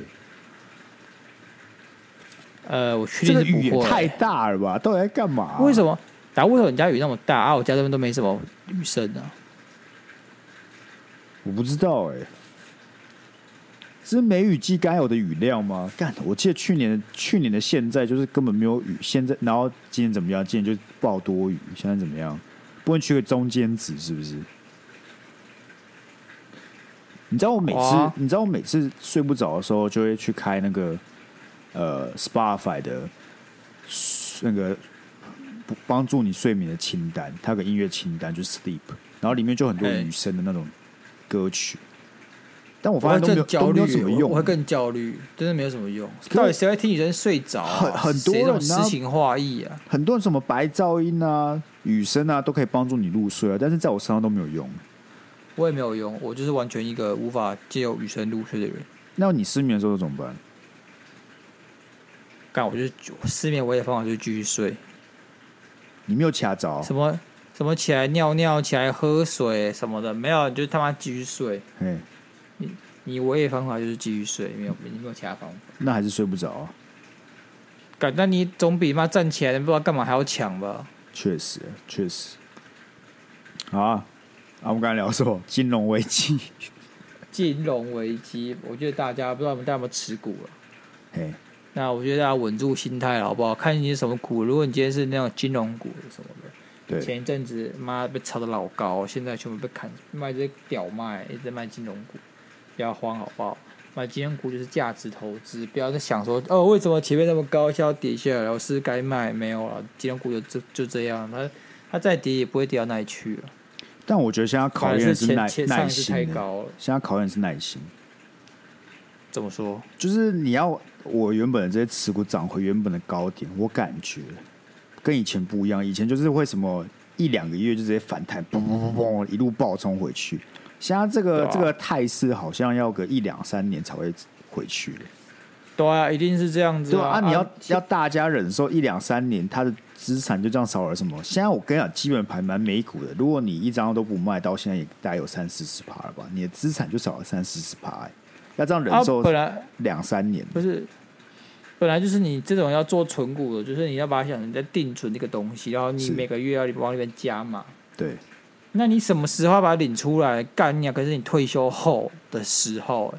Speaker 2: 呃，我去，這個雨也太大了吧？到底在幹嘛、啊？為什麼？打，為什麼你家雨那麼大啊？我家這邊都沒什麼雨聲呢、啊。
Speaker 1: 我不知道哎、欸。是梅雨季該有的雨量嗎？幹，我記得去年的去年的現在就是根本沒有雨，現在然後今天怎麼樣？今天就爆多雨，現在怎麼樣？不能取個中間值，是不是？你知道我每次，哇你知道我每次睡不着的時候，就會去開那個呃 Spotify 的那個幫助你睡眠的清單，它有個音樂清單就是 Sleep，然後裡面就很多女生的那種歌曲。嗯但我發現我焦慮有什麼用、啊，我會更
Speaker 2: 焦慮，真的沒有什麼用。以到底誰會聽雨聲睡着、啊很？很很多、啊，這種詩情畫意啊，
Speaker 1: 很多人什麼白噪音啊、雨聲啊，都可以幫助你入睡啊。但是在我身上都沒有用，
Speaker 2: 我也沒有用，我就是完全一個無法借由雨聲入睡的人。那你失眠的時候怎麼辦？幹，我就失眠唯一的辦法就是繼續睡。你沒有掐着？什麼什麼起來尿尿，起來喝水什麼的沒有，你就他媽繼續睡。你唯一的方法就是繼續睡，沒有沒有其他方法。
Speaker 1: 那還是睡不着啊？
Speaker 2: 敢？那你總比媽站起來不知道幹嘛還要強吧？
Speaker 1: 確實，確實。好啊，啊，我們剛才聊什麼？金融危機。
Speaker 2: 金融危機，我覺得大家不知道我們大家有沒有持股了、啊？哎嘿，那我覺得大家穩住心態了好不好？看你是什麼股，如果你今天是那種金融股什麼的，對，前一陣子媽被炒的老高，現在全部被砍，賣這些屌賣，一直賣金融股。不要慌，好不好？買金融股就是價值投資，不要再想說哦，為什麼前面那麼高現在要跌下來，我是該賣沒有？啦金融股就就就這樣，它它再跌也不會跌到那裡去了。
Speaker 1: 但我覺得現在考驗是耐耐心，
Speaker 2: 太高現
Speaker 1: 在考驗是耐心。怎麼說？就是你要我原本的這些持股漲回原本的高點，我感覺跟以前不一樣。以前就是為什麼一兩個月就直接反彈，嘣嘣嘣嘣一路暴衝回去。現在這個、啊、這個態勢好像要個一兩三年才會回去了，對啊，一定是這樣子啊！對啊，啊你要、啊、要大家忍受一兩三年，他的資產就這樣少了什麼？現在我跟你講，基本盤蠻美股的，如果你一張都不賣，到現在也大概有三四十趴了吧？你的資產就少了三四十趴，要這樣忍受兩三年了，啊，本來兩三年不是，本
Speaker 2: 來就是你這種要做存股的，就是你要把它想成在定存這個東西，然後你每個月要往裡面加嘛，對。那你什麼時候把它領出來幹你、啊、可是你退休後的時候、欸，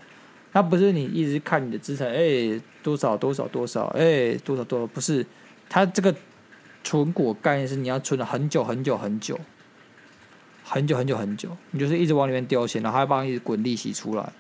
Speaker 2: 那不是你一直看你的資產，哎、欸，多少多少多少，哎、欸，多少多少，不是。它這個存股概念是你要存了很久很久很久，很久很久，很久，很久很久，你就是一直往裡面丟錢，然後還幫你一直滾利息出來，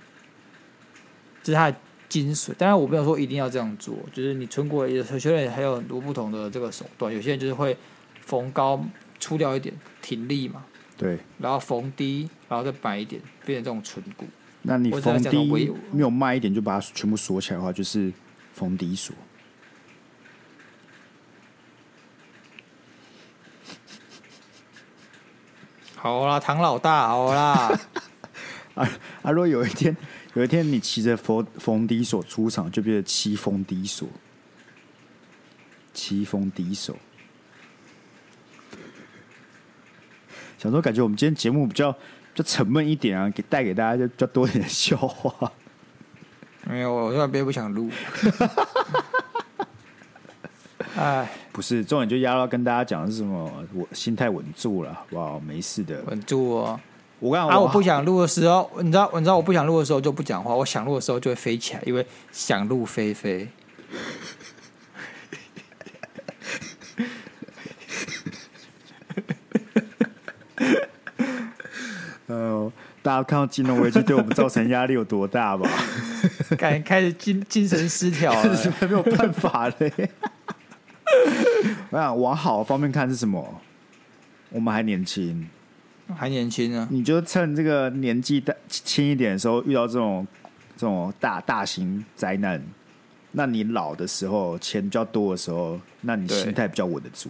Speaker 2: 這是它的精髓。當然，我沒有說一定要這樣做，就是你存股，有些人還有很多不同的這個手段，有些人就是會逢高出掉一點，停利嘛。對，然後逢低，然後再買一點，變成這種存
Speaker 1: 股。那你逢低沒有賣一點，就把它全部鎖起來的話，就是逢低鎖。
Speaker 2: 好啦，唐老大，好啦，
Speaker 1: 啊 啊！若有一天，有一天你騎着逢逢低鎖出場，就變成騎逢低鎖，騎逢低鎖。想說，感覺我們今天節目比較就沉悶一點啊，給帶給大家就比較多一點笑話。沒有，我原本不想錄。哎，不是，重點就壓到跟大家講的是什麼？我心態穩住了，哇，沒事的。穩住哦。我剛啊，我不
Speaker 2: 想錄的時候，你知道，你知道，我不想錄的時候就不講話，我想錄的時候就會飛起來，因為想入非非。
Speaker 1: 看到金融危機對我們造成壓力有多大吧？感 開始精精神失調了， 沒有辦法嘞。我想往好的方面看是什麼？我們還年輕，還年輕啊！你就趁這個年紀大輕一點的時候遇到這種這種大大型災難，那你老的時候錢比較多的時候，那你心態比較穩得住，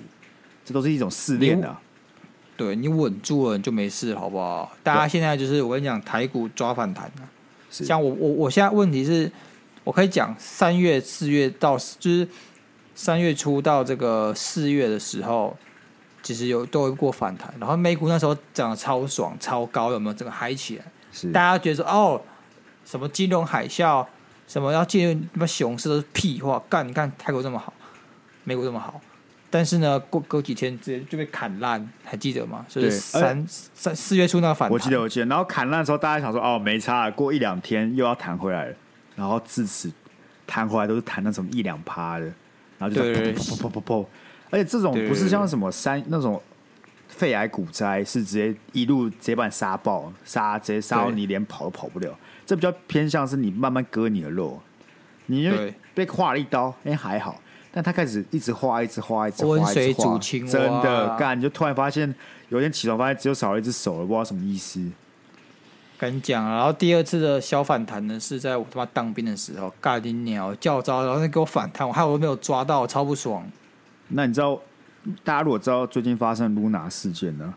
Speaker 1: 對這都是一種試煉啊。
Speaker 2: 對你穩住了你就沒事，好不好？大家現在就是對我跟你講，台股抓反彈啊。是像我我我現在問題是，我可以講三月四月到就是三月初到這個四月的時候，其實有都有過反彈。然後美股那時候漲得超爽，超高有沒有？整個嗨起來，是大家覺得說哦，什麼金融海嘯，什麼要進入什麼熊市都是屁話。幹你看，台股這麼好，美股這麼好。但是呢，過隔幾天直接就被砍爛，還記得嗎？所、就、以、是，三
Speaker 1: 三四月初那個反應，我記得，我記得。然後砍爛的時候，大家想說：“哦，沒差，過一兩天又要彈回來了。”然後自此彈回來都是彈那種一兩趴的，然後就對對對噗砰砰砰砰。而且這種不是像什麼三那種肺癌股災，是直接一路直接把殺爆殺，直接殺到對 你連跑都跑不了。這比較偏向是你慢慢割你的肉，你被劃了一刀，哎，還好。但他開始一直畫，一直畫，一直畫，一直畫，真的，幹！就突然發現，有一天起床發現只有少了一隻手了，不知道什麼意思。
Speaker 2: 跟你講，然後第二次的小反彈呢，是在我他媽當兵的時候，蓋的鳥叫招，然後給我反彈，我害
Speaker 1: 我都沒有抓到，超不爽。那你知道，大家如果知道最近發生露娜事件呢？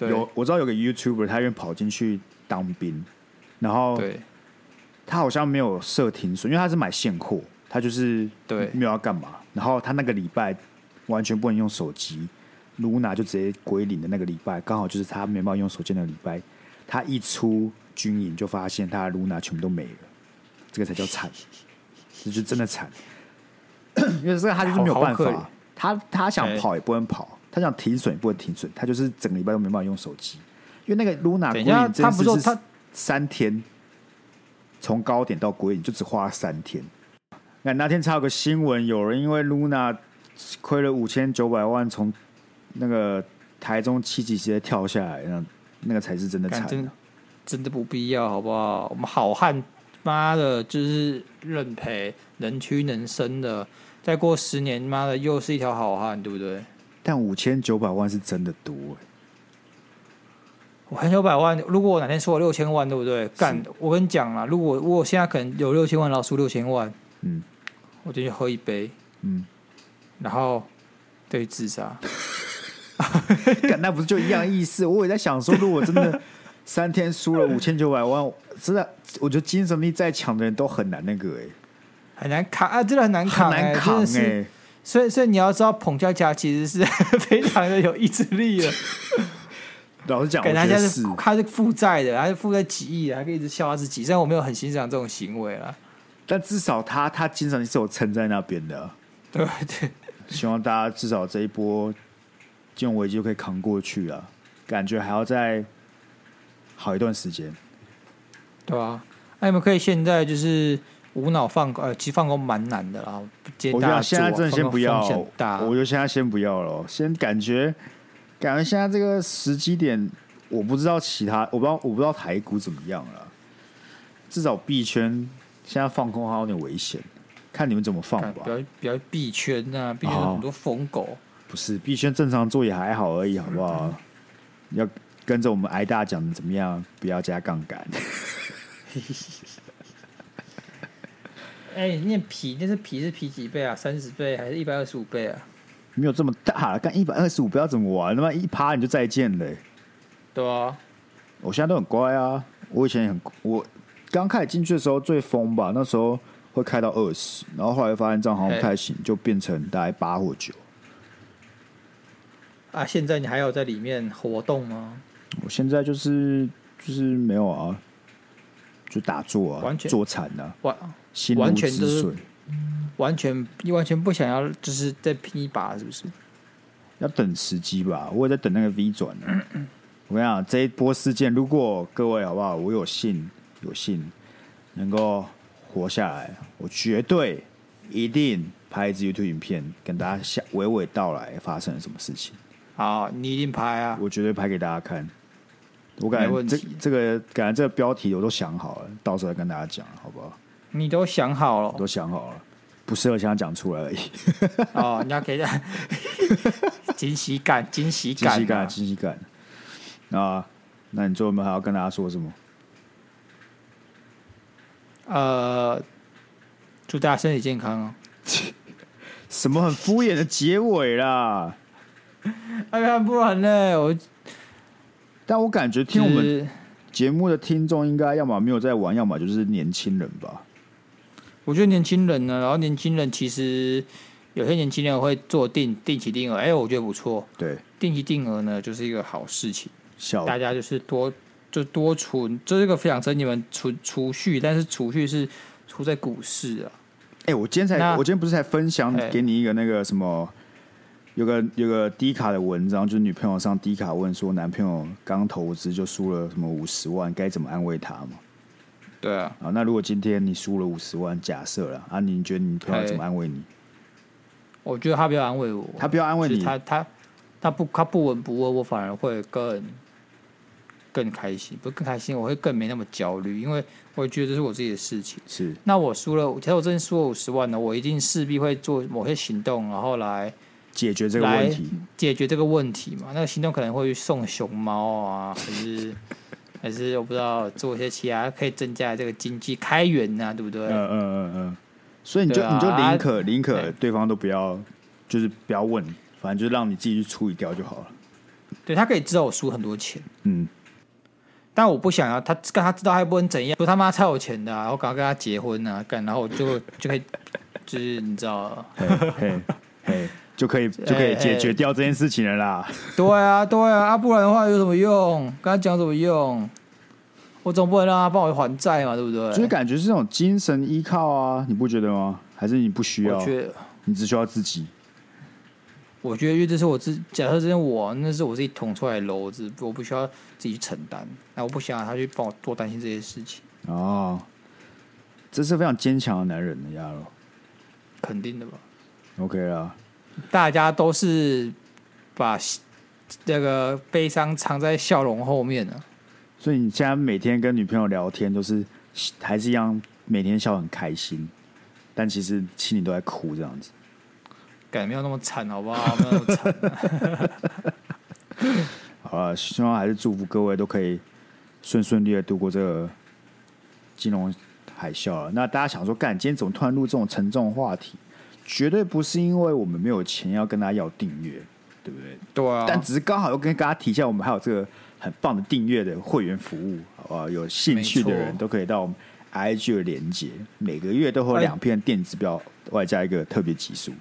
Speaker 1: 有，我知道有個 YouTuber 他願意跑進去當兵，然後對他好像沒有設停損，因為他是買現貨。他就是沒有要幹嘛，然後他那個禮拜完全不能用手機，露娜就直接歸零的那個禮拜，剛好就是他沒辦法用手機的禮拜。他一出軍營就發現他的露娜全部都沒了，這個才叫慘，這就是真的慘。因為這個他就是沒有辦法，他他想跑也不能跑，他想停損也不能停損，他就是整個禮拜都沒辦法用手機，因為那個露娜歸零真的是三天，從高點到歸零就只花了三天。那那天才有個新聞，有人因為 Luna 虧了五千九百萬，從那個台中七期直接跳下來，那那個才是真的慘，
Speaker 2: 啊，真的不必要，好不好？我們好漢，媽的，就是認賠，能屈能伸的。再過十年，媽的，又是一條好漢，對不對？
Speaker 1: 但五千九百萬是真的多，
Speaker 2: 五千九百萬，如果我哪天輸了六千萬，對不對？幹是，我跟你講啦，如果如果我現在可能有六千萬，然後輸六千萬。嗯，我進去喝一杯，嗯，然後對於自殺，
Speaker 1: 那不是就一樣意思？我也在想，說如果真的三天輸了五千九百萬，真的，我覺得精神力再強的人都很難那個哎、欸，很難扛啊，真的很難扛、欸，
Speaker 2: 難扛哎、欸。所以，所以你要知道，捧佳佳其實是
Speaker 1: 非常的有意志力的。 老實講給大家是，是他
Speaker 2: 是負債的，他是負債幾億，他可以一直笑
Speaker 1: 他自己，雖然我沒有很欣賞這種行為啊。但至少他他經常是有撐在那邊的、啊，對對，希望大家至少這一波金融危機可以扛過去了。感覺還要再好一段時間，
Speaker 2: 對吧、啊？哎、啊，你們可以現在就是無腦放呃，其實放空蠻難的啦啊。我覺得、啊、現在真的先不要，我
Speaker 1: 就現在先不要了。先感覺感覺現在這個時機點，我不知道其他，我不知道我不知道台股怎麼樣了，至少幣圈。現在放空還有點危險，看你們怎麼放吧。比
Speaker 2: 較比較幣圈啊，幣圈很多瘋狗、
Speaker 1: 哦。不是幣圈，正常做也還好而已，好不好？嗯嗯、要跟着我們挨大講的怎麼樣？不要加槓桿。
Speaker 2: 哎、 欸，那皮那是皮是皮幾倍啊？三十倍還是一百二十五倍啊？
Speaker 1: 沒有這麼大，幹一百二十五不要怎麼玩？那麼一趴你就再見了、
Speaker 2: 欸。對啊，
Speaker 1: 我現在都很乖啊，我以前很我。剛開始進去的時候最瘋吧，那時候會開到二十，然後後來發現這樣好像不太行，欸、就變成大概八或九。
Speaker 2: 啊！現在你還有在裡面活動嗎？
Speaker 1: 我現在就是就是沒有啊，就打坐完、就是嗯，完全坐慘了，完心如止水，
Speaker 2: 完全你完全不想要，就是再拼一把，是不是？
Speaker 1: 要等時機吧，我也在等那個 V 轉、啊。嗯、哼我跟你講，這一波事件，如果各位好不好，我有信。有幸能夠活下來，我絕對一定拍一支 YouTube 影片，跟大家娓娓道來發生了什麼事情。好，你一定拍啊！我絕對拍給大家看。我感覺這問這個感覺這個標題我都想好了，到時候再跟大家講，好不好？你都想好了，都想好了，不適合現在講出來而已。
Speaker 2: 哦，你要給驚 喜感，驚喜、啊、喜感，驚喜感，驚
Speaker 1: 喜感啊！那你最後還要跟大家說什麼？
Speaker 2: 呃，祝大家身體健康哦！
Speaker 1: 什麼很敷衍的結尾啦？哎呀，不然呢？我，但我感覺聽實我們節目的聽眾，應該要麼沒有在玩，要麼就是年輕人吧。
Speaker 2: 我覺得年輕人呢，然後年輕人其實有些年輕人會做定定期定額，哎、欸，我覺得不錯。對，定期定額呢，就是一個好事情，小大家就是多。就多存，這個非常值你們儲儲蓄，但是儲蓄是儲在股市啊。
Speaker 1: 哎、欸，我今天才，那我今天不是才分享給你一個那個什麼，欸、有個有個 D 卡的文章，就是女朋友上 D 卡問說，男朋友剛投資就輸了什麼五十萬，該怎麼安慰他嘛？對啊。啊，那如果今天你輸了五十萬，假設啦啊，你覺得你朋友怎麼安慰你？
Speaker 2: 欸、我覺得他不要安慰我，他不要安慰你，他他他不他不聞不問，我反而會更，更開心，不是更開心，我會更沒那麼焦慮，因為我覺得這是我自己的事情。是，那我輸了，假如我真的輸了五十萬呢，我一定勢必會做某些行動，然後來
Speaker 1: 解決這個問題，
Speaker 2: 解決這個問題嘛。那個行動可能會去送熊貓啊，還是 還是我不知道做一些其他可以增加這個經濟開源啊，對不對？嗯嗯嗯
Speaker 1: 嗯。所以你就、對啊、你就寧可寧可對方都不要，對就是不要問，反正就是讓你自己去處理掉就好了。對，他可以知道我輸很多錢，嗯。但我不想要、啊，他跟他知道他又不能怎樣？說
Speaker 2: 他媽超有錢的、啊，然後趕快跟他結婚啊，幹，然後就就可以， 就是你知道，嘿，
Speaker 1: 就可以就可以解決掉這件事情了啦嘿嘿。
Speaker 2: 對啊，對啊，啊不然的話有什麼用？跟他講什麼用？我總不能讓他幫我還債嘛，對不對？就是感
Speaker 1: 覺是這種精神依靠啊，你不覺得嗎？還是你不需要？
Speaker 2: 覺
Speaker 1: 得？你只需要自己。
Speaker 2: 我覺得，因為這是我自假設，這是我那是我自己捅出來的簍子，我不需要自己去承擔。那我不想讓他去幫我多擔心這些事情。
Speaker 1: 哦，這是非常堅強的男人的呀。肯定的吧。OK 啦，
Speaker 2: 大家都是把那個悲傷藏在笑容後面呢。
Speaker 1: 所以你現在每天跟女朋友聊天，都是還是一樣，每天笑很開心，但其實心裡都在哭這樣子。
Speaker 2: 改沒有那麼慘，好不
Speaker 1: 好、啊？沒有那麼慘啊 好啊，希望還是祝福各位都可以順順利利的度過這個金融海嘯。那大家想說，幹，今天怎麼突然錄這種沉重的話題？絕對不是因為我們沒有錢要跟他要訂閱，對不對？對、啊。但只是剛好又跟大家提一下，我們還有這個很棒的訂閱的會員服務啊，有興趣的人都可以到我們 IG 的連結，每個月都會有兩片電子表，外加一個特別集數。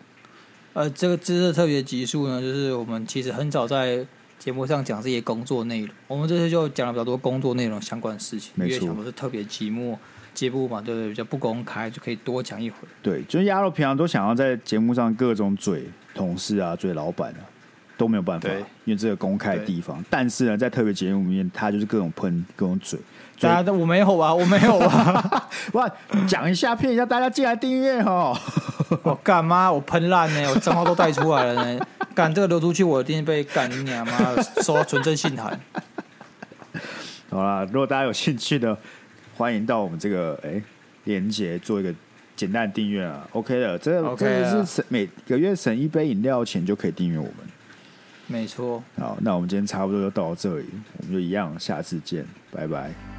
Speaker 2: 呃，這個知識的特別集數呢，就是我們其實很早在節目上講這些工作內容，我們這次就講了比較多工作內容相關的事情，沒錯，不是特別寂寞節目嘛，對不對，比較不公開，就可以多講一會。
Speaker 1: 對，就是亞諾平常都想要在節目上各種嘴同事啊，嘴老闆啊，都沒有辦法，對因為這個公開的地方。對但是呢，在特別節目裡面，他就是各種噴，各種嘴。大家都，我沒有啊，我沒有啊，我講 一下騙一下大家進來訂閱哦。我幹媽，
Speaker 2: 我噴爛呢，我賬號都帶出來了呢。趕 這個流出去，我一定被趕你媽的收存證信函。
Speaker 1: 好啦。如果大家有興趣的，歡迎到我們這個哎、欸、連結做一個簡單的訂閱啊。OK 的，這個 o k 是每個月省一杯飲料錢就可以訂閱我們。
Speaker 2: 沒錯錯。
Speaker 1: 好，那我們今天差不多就到這裡，我們就一樣，下次見，拜拜。